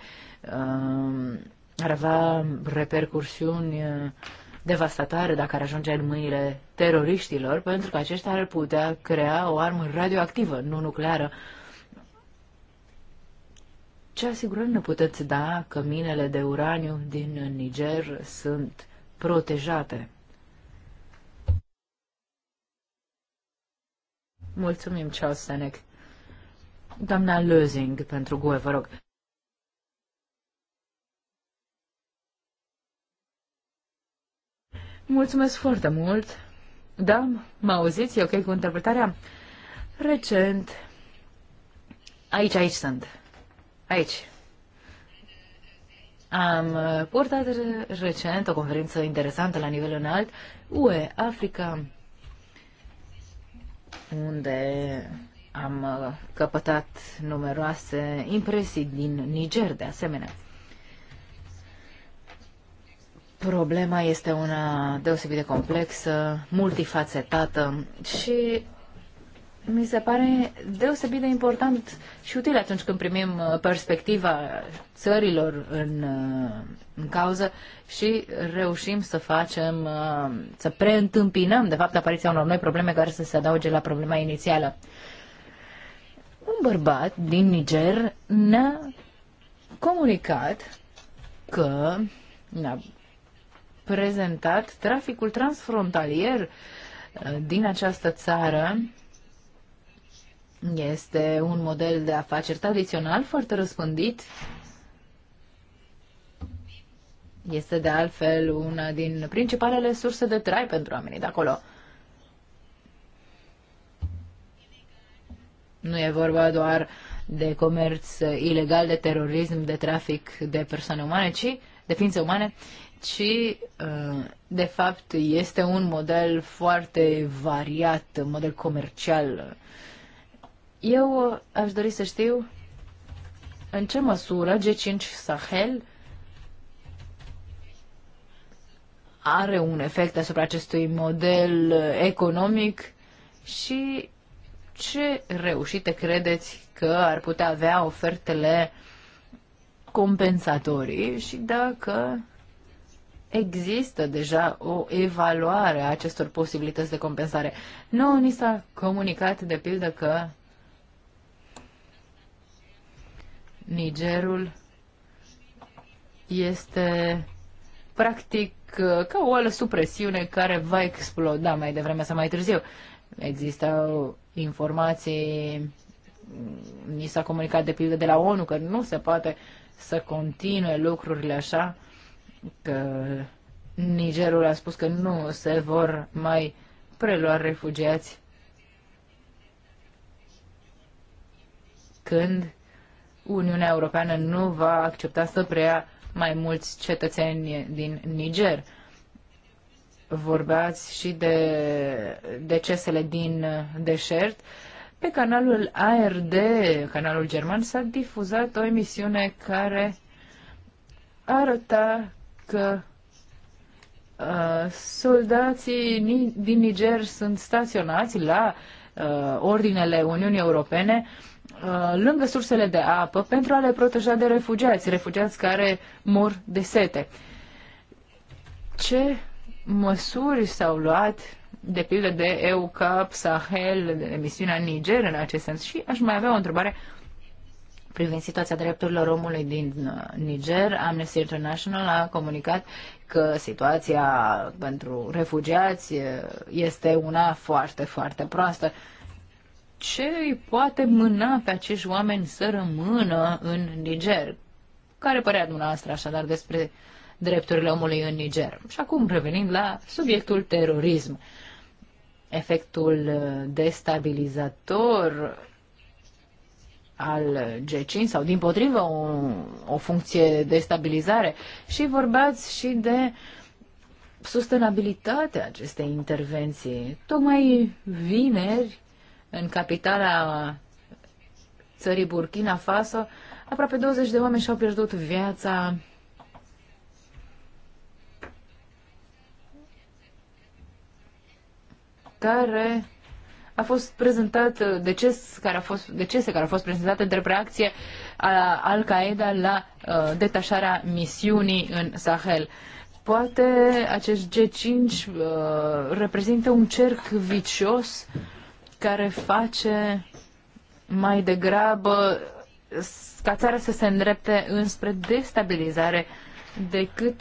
um, ar avea repercursiuni uh, devastatoare dacă ar ajunge în mâinile teroriștilor, pentru că aceștia ar putea crea o armă radioactivă, nu nucleară. Ce asigurări ne puteți da că minele de uraniu din Niger sunt protejate? Mulțumim, Charles Senec. Doamna Lozing, pentru GUE, vă rog. Mulțumesc foarte mult. Da, mă auziți? E ok cu interpretarea? Recent. Aici, aici sunt. Aici. Am purtat recent o conferință interesantă la nivel înalt, UE, Africa, unde am căpătat numeroase impresii din Niger, de asemenea. Problema este una deosebit de complexă, multifacetată și mi se pare deosebit de important și util atunci când primim uh, perspectiva țărilor în, uh, în cauză și reușim să facem, uh, să preîntâmpinăm, de fapt, apariția unor noi probleme care să se adauge la problema inițială. Un bărbat din Niger ne-a comunicat că ne-a da, prezentat traficul transfrontalier uh, din această țară. Este un model de afaceri tradițional foarte răspândit. Este de altfel una din principalele surse de trai pentru oamenii de acolo. Nu e vorba doar de comerț ilegal, de terorism, de trafic de persoane umane, ci de ființe umane ci ă, de fapt este un model foarte variat, un model comercial. Eu aș dori să știu în ce măsură G5 Sahel are un efect asupra acestui model economic și ce reușite credeți că ar putea avea ofertele compensatorii și dacă există deja o evaluare a acestor posibilități de compensare. Nu ni s-a comunicat, de pildă, că Nigerul este practic ca o oală sub presiune care va exploda mai devreme sau mai târziu. Există informații, ni s-a comunicat de pildă de la ONU că nu se poate să continue lucrurile așa că Nigerul a spus că nu se vor mai prelua refugiați când Uniunea Europeană nu va accepta să preia mai mulți cetățeni din Niger. Vorbeați și de decesele din deșert. Pe canalul ARD, canalul german, s-a difuzat o emisiune care arăta că uh, soldații din Niger sunt staționați la uh, ordinele Uniunii Europene uh, lângă sursele de apă pentru a le proteja de refugiați, refugiați care mor de sete. Ce măsuri s-au luat de pildă de EUCAP, Sahel, de misiunea Niger în acest sens. Și aș mai avea o întrebare privind situația drepturilor omului din uh, Niger, Amnesty International a comunicat că situația pentru refugiați uh, este una foarte, foarte proastă. Ce îi poate mâna pe acești oameni să rămână în Niger? Care părea dumneavoastră așadar despre drepturile omului în Niger? Și acum revenind la subiectul terorism. Efectul uh, destabilizator al G5 sau din potrivă o, o funcție de stabilizare și vorbeați și de sustenabilitatea acestei intervenții. Tocmai vineri, în capitala țării Burkina Faso, aproape 20 de oameni și-au pierdut viața care a fost prezentat uh, deces care a fost, decese care a fost prezentate drept reacție a Al-Qaeda la uh, detașarea misiunii în Sahel. Poate acest G5 uh, reprezintă un cerc vicios care face mai degrabă ca țara să se îndrepte înspre destabilizare decât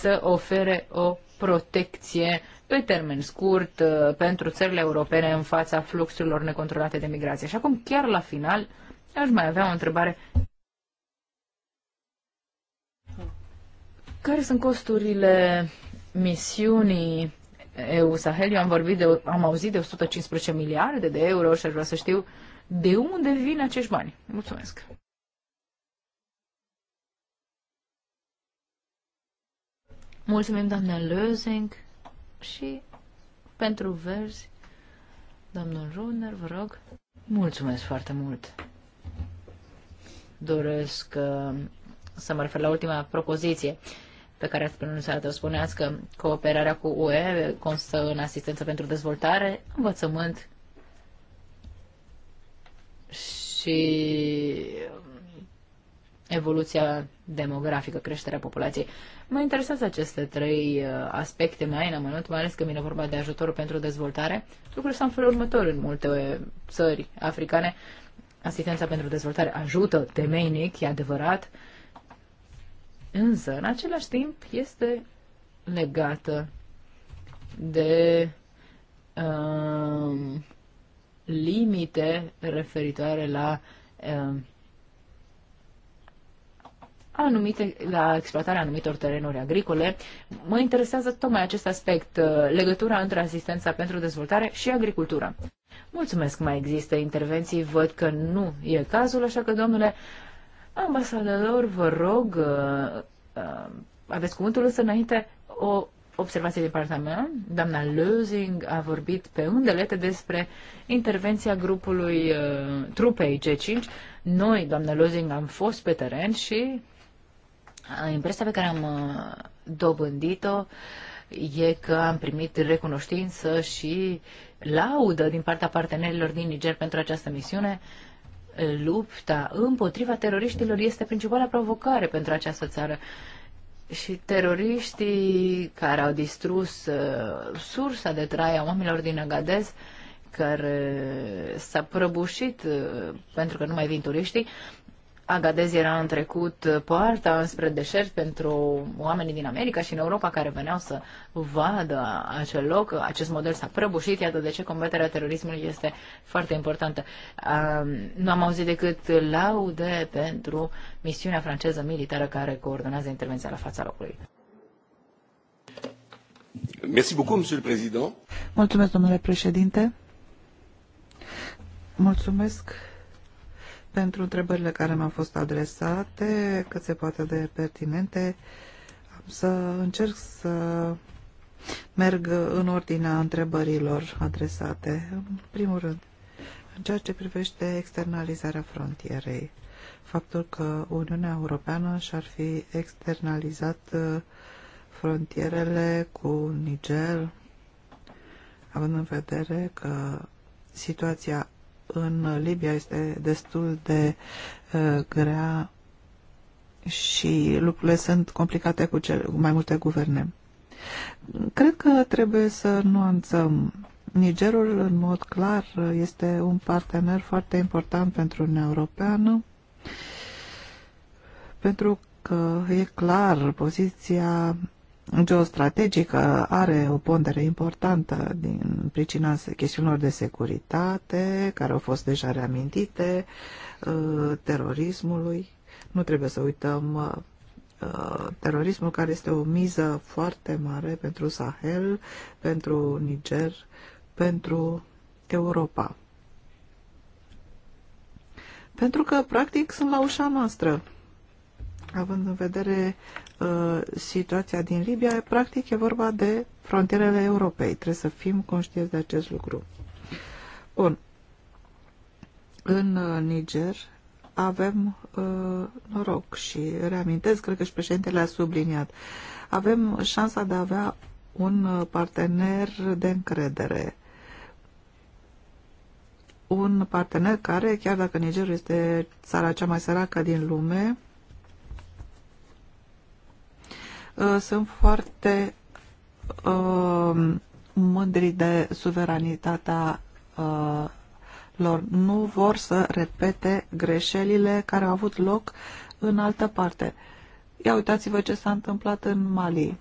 să ofere o protecție pe termen scurt uh, pentru țările europene în fața fluxurilor necontrolate de migrație. Și acum, chiar la final, aș mai avea o întrebare. Care sunt costurile misiunii EU Sahel? Eu am, vorbit de, am auzit de 115 miliarde de euro și aș vrea să știu de unde vin acești bani. Mulțumesc! Mulțumim, doamna Lözing, și pentru verzi, domnul Runner, vă rog. Mulțumesc foarte mult. Doresc uh, să mă refer la ultima propoziție pe care ați pronunțat-o. Spuneați că cooperarea cu UE constă în asistență pentru dezvoltare, învățământ și evoluția demografică, creșterea populației. Mă interesează aceste trei uh, aspecte mai în amănunt, mai ales că vine vorba de ajutor pentru dezvoltare. Lucrurile sunt în felul următor în multe uh, țări africane. Asistența pentru dezvoltare ajută temeinic, e adevărat, însă, în același timp, este legată de um, limite referitoare la um, anumite, la exploatarea anumitor terenuri agricole. Mă interesează tocmai acest aspect, uh, legătura între asistența pentru dezvoltare și agricultura. Mulțumesc, mai există intervenții, văd că nu e cazul, așa că, domnule ambasador, vă rog, uh, uh, aveți cuvântul însă înainte o observație din partea mea. Doamna Lozing a vorbit pe undelete despre intervenția grupului uh, trupei G5. Noi, doamna Lozing, am fost pe teren și Impresia pe care am uh, dobândit-o e că am primit recunoștință și laudă din partea partenerilor din Niger pentru această misiune. Lupta împotriva teroriștilor este principala provocare pentru această țară. Și teroriștii care au distrus uh, sursa de trai a oamenilor din Agadez, care s-a prăbușit uh, pentru că nu mai vin turiștii, Agadez era în trecut poarta spre deșert pentru oamenii din America și în Europa care veneau să vadă acel loc. Acest model s-a prăbușit, iată de ce combaterea terorismului este foarte importantă. Nu am auzit decât laude pentru misiunea franceză militară care coordonează intervenția la fața locului. Merci beaucoup, monsieur le président. Mulțumesc, domnule președinte. Mulțumesc pentru întrebările care mi-au fost adresate, cât se poate de pertinente. Am să încerc să merg în ordinea întrebărilor adresate. În primul rând, în ceea ce privește externalizarea frontierei, faptul că Uniunea Europeană și-ar fi externalizat uh, frontierele cu Niger, având în vedere că situația în Libia este destul de uh, grea și lucrurile sunt complicate cu, cele, cu mai multe guverne. Cred că trebuie să nuanțăm. Nigerul, în mod clar, este un partener foarte important pentru Uniunea Europeană, pentru că e clar poziția geostrategică are o pondere importantă din pricina chestiunilor de securitate, care au fost deja reamintite, uh, terorismului. Nu trebuie să uităm uh, uh, terorismul care este o miză foarte mare pentru Sahel, pentru Niger, pentru Europa. Pentru că, practic, sunt la ușa noastră, având în vedere Uh, situația din Libia, practic e vorba de frontierele Europei. Trebuie să fim conștienți de acest lucru. Bun. În uh, Niger avem uh, noroc și reamintesc, cred că și președintele a subliniat, avem șansa de a avea un uh, partener de încredere un partener care, chiar dacă Nigerul este țara cea mai săracă din lume, Uh, sunt foarte uh, mândri de suveranitatea uh, lor. Nu vor să repete greșelile care au avut loc în altă parte. Ia uitați-vă ce s-a întâmplat în Mali.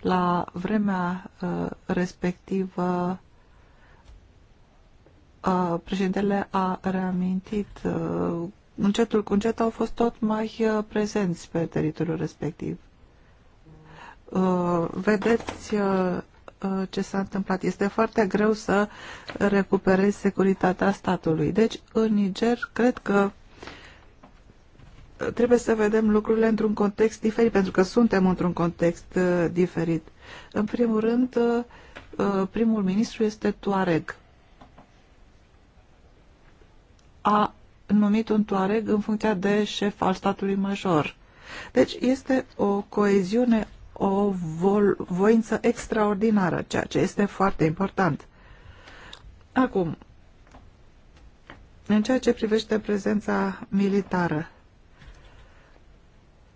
La vremea uh, respectivă, uh, președintele a reamintit uh, încetul cu încet au fost tot mai prezenți pe teritoriul respectiv. Uh, vedeți uh, uh, ce s-a întâmplat. Este foarte greu să recuperezi securitatea statului. Deci, în Niger, cred că trebuie să vedem lucrurile într-un context diferit, pentru că suntem într-un context diferit. În primul rând, primul ministru este Tuareg. A numit un Tuareg în funcția de șef al statului major. Deci este o coeziune o voință extraordinară, ceea ce este foarte important. Acum, în ceea ce privește prezența militară,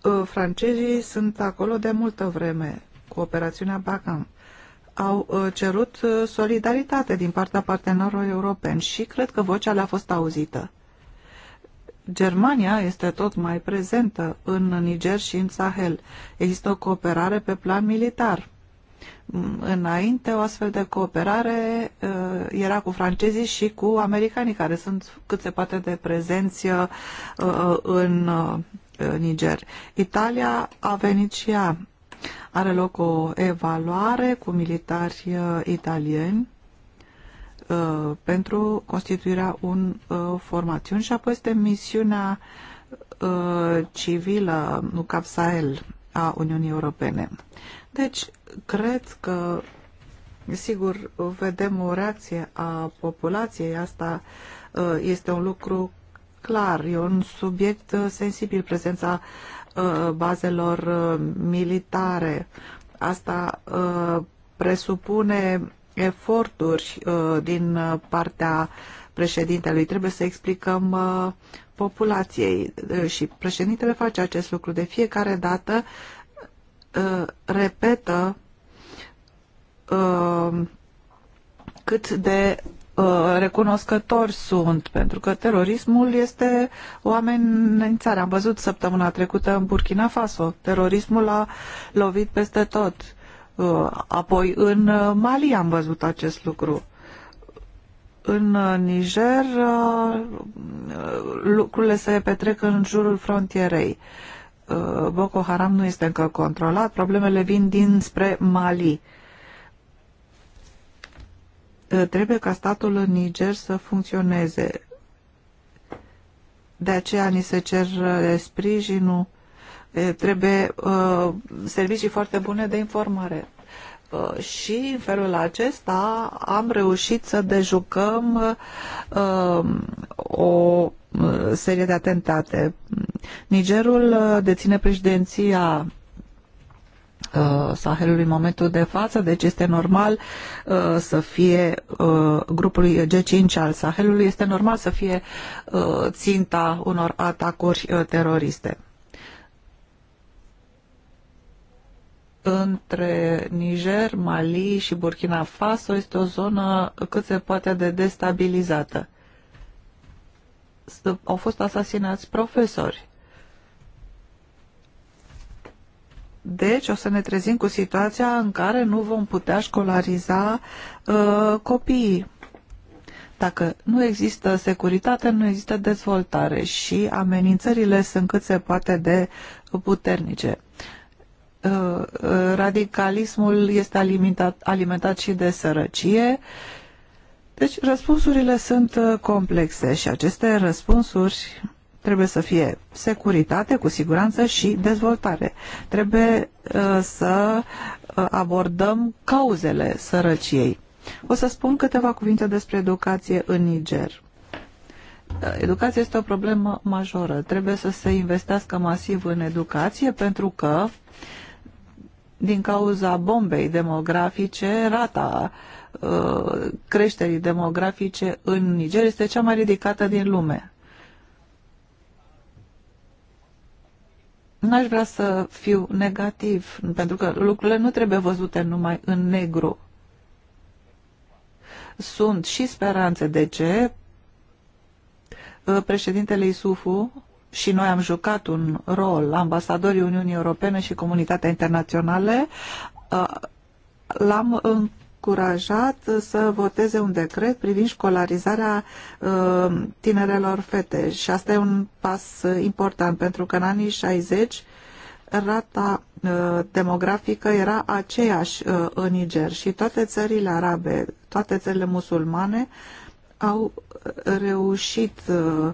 ă, francezii sunt acolo de multă vreme cu operațiunea Bacam. Au ă, cerut ă, solidaritate din partea partenerilor europeni și cred că vocea le-a fost auzită. Germania este tot mai prezentă în Niger și în Sahel. Există o cooperare pe plan militar. Mm, înainte, o astfel de cooperare uh, era cu francezii și cu americanii, care sunt cât se poate de prezenți uh, uh, în Niger. Italia a venit și ea. Are loc o evaluare cu militari italieni Uh, pentru constituirea un uh, formațiuni și apoi este misiunea uh, civilă, nu capsael, a Uniunii Europene. Deci, cred că, sigur, vedem o reacție a populației, asta este un lucru clar, e un subiect sensibil, prezența bazelor militare. Asta presupune eforturi uh, din uh, partea președintelui. Trebuie să explicăm uh, populației și președintele face acest lucru de fiecare dată, repetă cât de recunoscători sunt, pentru că terorismul este o amenințare. Am văzut săptămâna trecută în Burkina Faso, terorismul a lovit peste tot Uh, apoi în uh, Mali am văzut acest lucru. În uh, Niger lucrurile se petrec în jurul frontierei. Boko Haram nu este încă controlat, problemele vin dinspre Mali. Trebuie ca statul în Niger să funcționeze. De aceea ni se cer sprijinul Trebuie servicii foarte bune de informare. Și în felul acesta am reușit să dejucăm o serie de atentate. Nigerul deține președinția Sahelului în momentul de față, deci este normal uh, să fie uh, grupului G5 al Sahelului, este normal să fie uh, ținta unor atacuri teroriste. între Niger, Mali și Burkina Faso este o zonă cât se poate de destabilizată. Au fost asasinați profesori. Deci o să ne trezim cu situația în care nu vom putea școlariza uh, copiii. Dacă nu există securitate, nu există dezvoltare și amenințările sunt cât se poate de puternice. Uh, radicalismul este alimentat, alimentat și de sărăcie. Deci răspunsurile sunt uh, complexe și aceste răspunsuri trebuie să fie securitate, cu siguranță și dezvoltare. Trebuie uh, să abordăm cauzele sărăciei. O să spun câteva cuvinte despre educație în Niger. Educația este o problemă majoră. Trebuie să se investească masiv în educație pentru că uh, din cauza bombei demografice, rata uh, creșterii demografice în Niger este cea mai ridicată din lume. N-aș vrea să fiu negativ, pentru că lucrurile nu trebuie văzute numai în negru. Sunt și speranțe de ce uh, președintele Isufu și noi am jucat un rol, ambasadorii Uniunii Europene și comunitatea internaționale, uh, l-am încurajat să voteze un decret privind școlarizarea uh, tinerelor fete și asta e un pas important pentru că în anii 60 rata uh, demografică era aceeași în Niger și toate țările arabe, toate țările musulmane au reușit uh,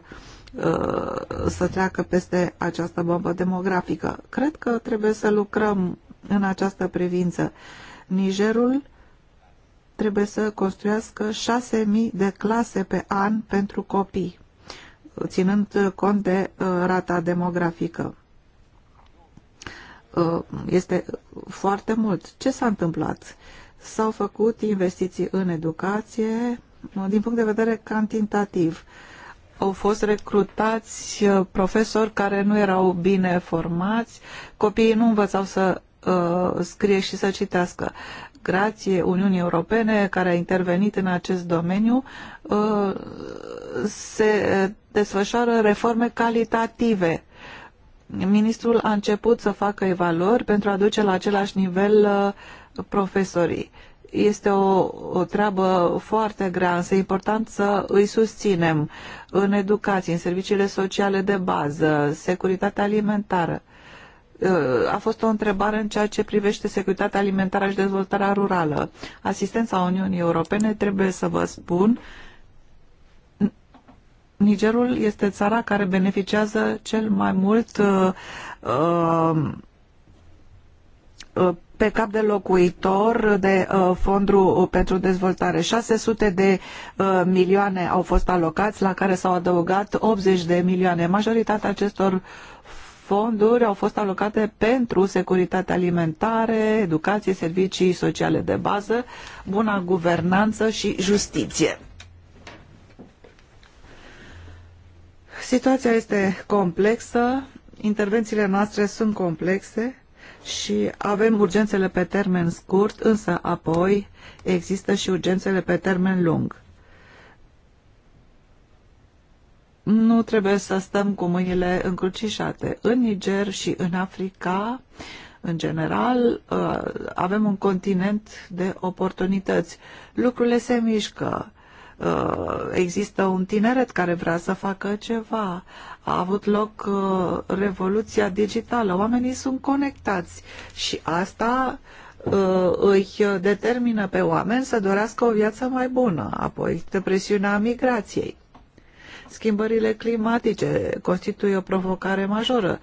să treacă peste această bombă demografică. Cred că trebuie să lucrăm în această privință. Nigerul trebuie să construiască 6.000 de clase pe an pentru copii, ținând cont de uh, rata demografică. Uh, este foarte mult. Ce s-a întâmplat? S-au făcut investiții în educație uh, din punct de vedere cantitativ au fost recrutați uh, profesori care nu erau bine formați, copiii nu învățau să uh, scrie și să citească. Grație Uniunii Europene care a intervenit în acest domeniu, uh, se desfășoară reforme calitative. Ministrul a început să facă evaluări pentru a duce la același nivel uh, profesorii. Uh, este o, o treabă foarte grea, însă e important să îi susținem în educație, în serviciile sociale de bază, securitatea alimentară. Uh, a fost o întrebare în ceea ce privește securitatea alimentară și dezvoltarea rurală. Asistența Uniunii Europene, trebuie să vă spun, Nigerul este țara care beneficiază cel mai mult uh, uh, pe cap de locuitor de uh, fondul pentru dezvoltare. 600 de uh, milioane au fost alocați, la care s-au adăugat 80 de milioane. Majoritatea acestor fonduri au fost alocate pentru securitate alimentară, educație, servicii sociale de bază, buna guvernanță și justiție. Situația este complexă, intervențiile noastre sunt complexe, și avem urgențele pe termen scurt, însă apoi există și urgențele pe termen lung. Nu trebuie să stăm cu mâinile încrucișate. În Niger și în Africa, în general, uh, avem un continent de oportunități. Lucrurile se mișcă Uh, există un tineret care vrea să facă ceva. A avut loc uh, revoluția digitală. Oamenii sunt conectați și asta uh, îi determină pe oameni să dorească o viață mai bună. Apoi, depresiunea migrației. Schimbările climatice constituie o provocare majoră.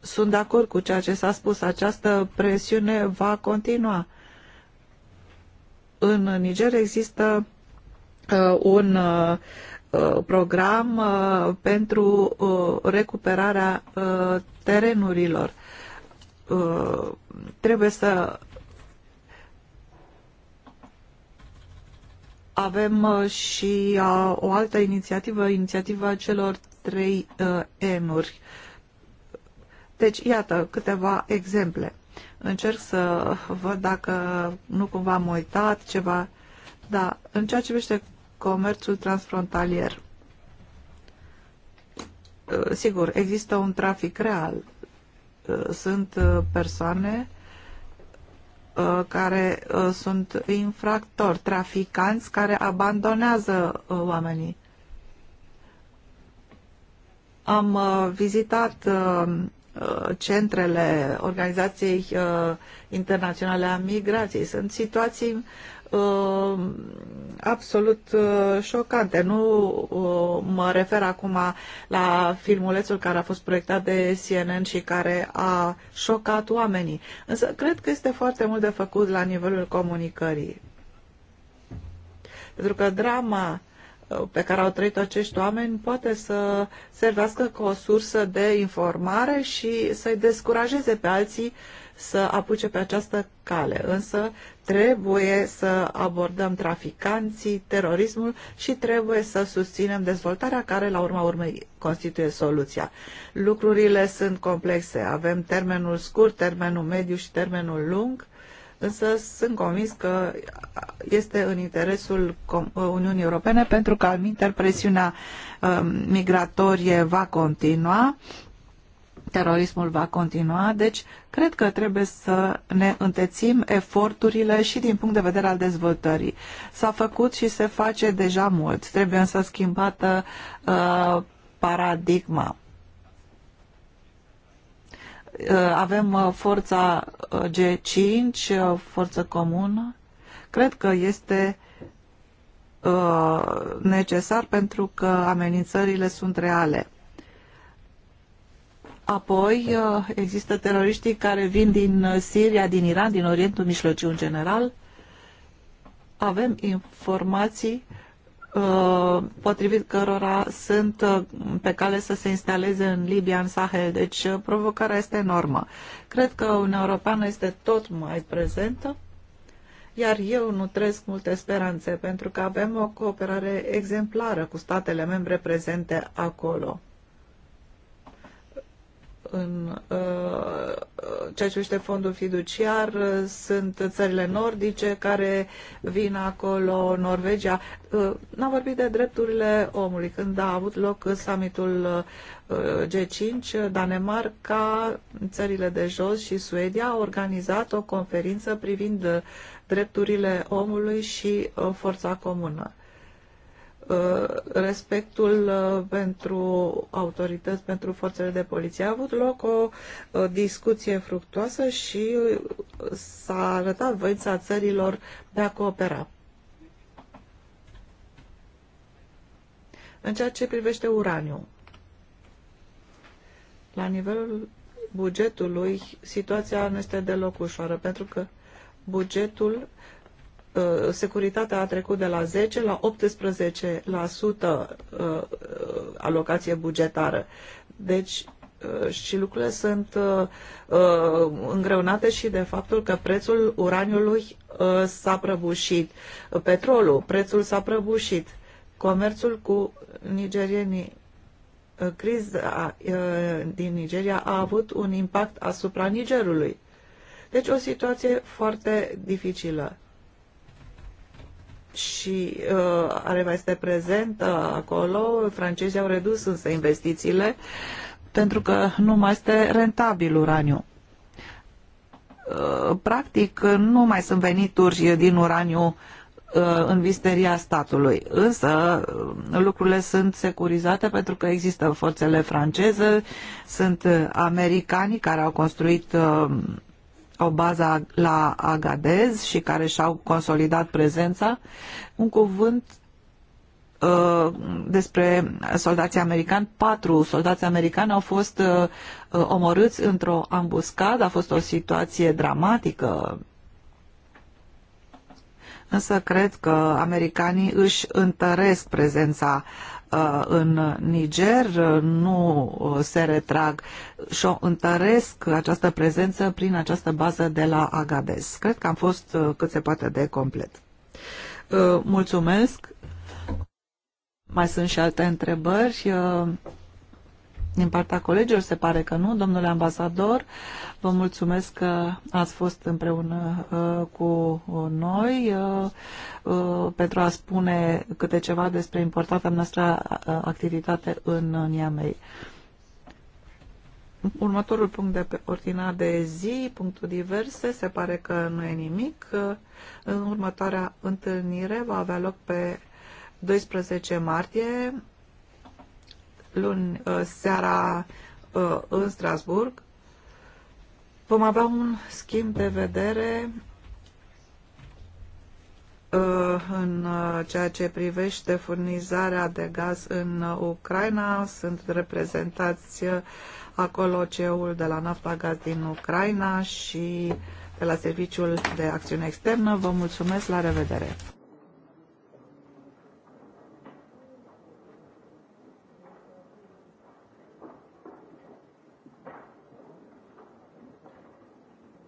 Sunt de acord cu ceea ce s-a spus. Această presiune va continua. În Niger există Uh, un uh, uh, program pentru recuperarea terenurilor. Trebuie să avem și o altă inițiativă, inițiativa celor trei N-uri. Deci, iată câteva exemple. Încerc să văd dacă nu cumva am uitat ceva. Da, în ceea ce privește comerțul transfrontalier. Uh, sigur, există un trafic real. Uh, sunt uh, persoane care sunt infractori, traficanți care abandonează oamenii. Am vizitat centrele Organizației Internaționale a Migrației. Sunt situații uh, absolut uh, șocante. Nu uh, mă refer acum la filmulețul care a fost proiectat de CNN și care a șocat oamenii. Însă cred că este foarte mult de făcut la nivelul comunicării. Pentru că drama uh, pe care au trăit acești oameni poate să servească ca o sursă de informare și să-i descurajeze pe alții uh, să apuce pe această cale, însă trebuie să abordăm traficanții, terorismul și trebuie să susținem dezvoltarea care, la urma urmei, constituie soluția. Lucrurile sunt complexe. Avem termenul scurt, termenul mediu și termenul lung, însă sunt convins că este în interesul Uniunii Europene pentru că, al minter, um, migratorie va continua terorismul va continua, deci cred că trebuie să ne întețim eforturile și din punct de vedere al dezvoltării. S-a făcut și se face deja mult, trebuie însă schimbată uh, paradigma. Uh, avem uh, forța uh, G5, uh, forță comună. Cred că este uh, necesar pentru că amenințările sunt reale Apoi uh, există teroriștii care vin din uh, Siria, din Iran, din Orientul Mijlociu în general. Avem informații uh, potrivit cărora sunt pe cale să se instaleze în Libia, în Sahel. Deci provocarea este enormă. Cred că Uniunea Europeană este tot mai prezentă, iar eu nu trăiesc multe speranțe pentru că avem o cooperare exemplară cu statele membre prezente acolo în uh, ceea ce este fondul fiduciar uh, sunt țările nordice care vin acolo, Norvegia. Uh, n-am vorbit de drepturile omului. Când a avut loc summitul G5, Danemarca, țările de jos și Suedia au organizat o conferință privind drepturile omului și forța comună. Uh, respectul uh, pentru autorități, pentru forțele de poliție. A avut loc o discuție fructuoasă și uh, s-a arătat voința țărilor de a coopera. În ceea ce privește uraniu, la nivelul bugetului, situația nu este deloc ușoară, pentru că bugetul Uh, securitatea a trecut de la 10 la 18% uh, uh, alocație bugetară. Deci și lucrurile sunt îngreunate și de faptul că prețul uraniului s-a prăbușit, petrolul, prețul s-a prăbușit, comerțul cu nigerienii criza din Nigeria a avut un impact asupra Nigerului. Deci o situație foarte dificilă și uh, are mai este prezentă acolo. Francezii au redus însă investițiile pentru că nu mai este rentabil uraniu. Uh, practic, nu mai sunt venituri din uraniu uh, în visteria statului. Însă, uh, lucrurile sunt securizate pentru că există forțele franceze, sunt uh, americanii care au construit uh, au baza la Agadez și care și-au consolidat prezența. Un cuvânt uh, despre soldații americani. Patru soldați americani au fost uh, uh omorâți într-o ambuscadă. A fost o situație dramatică. Însă cred că americanii își întăresc prezența uh, în Niger nu se retrag și o întăresc această prezență prin această bază de la Agades. Cred că am fost cât se poate de complet. Mulțumesc! Mai sunt și alte întrebări din partea colegilor? Se pare că nu. Domnule ambasador, vă mulțumesc că ați fost împreună uh, cu noi uh, uh, pentru a spune câte ceva despre importanța noastră activitate în Niamey. Următorul punct de pe ordinea de zi, punctul diverse, se pare că nu e nimic. În următoarea întâlnire va avea loc pe 12 martie luni uh, seara uh, în Strasburg, vom avea un schimb de vedere uh, în ceea ce privește furnizarea de gaz în Ucraina. Sunt reprezentați acolo ceul de la Nafta Gaz din Ucraina și de la Serviciul de Acțiune Externă. Vă mulțumesc, la revedere!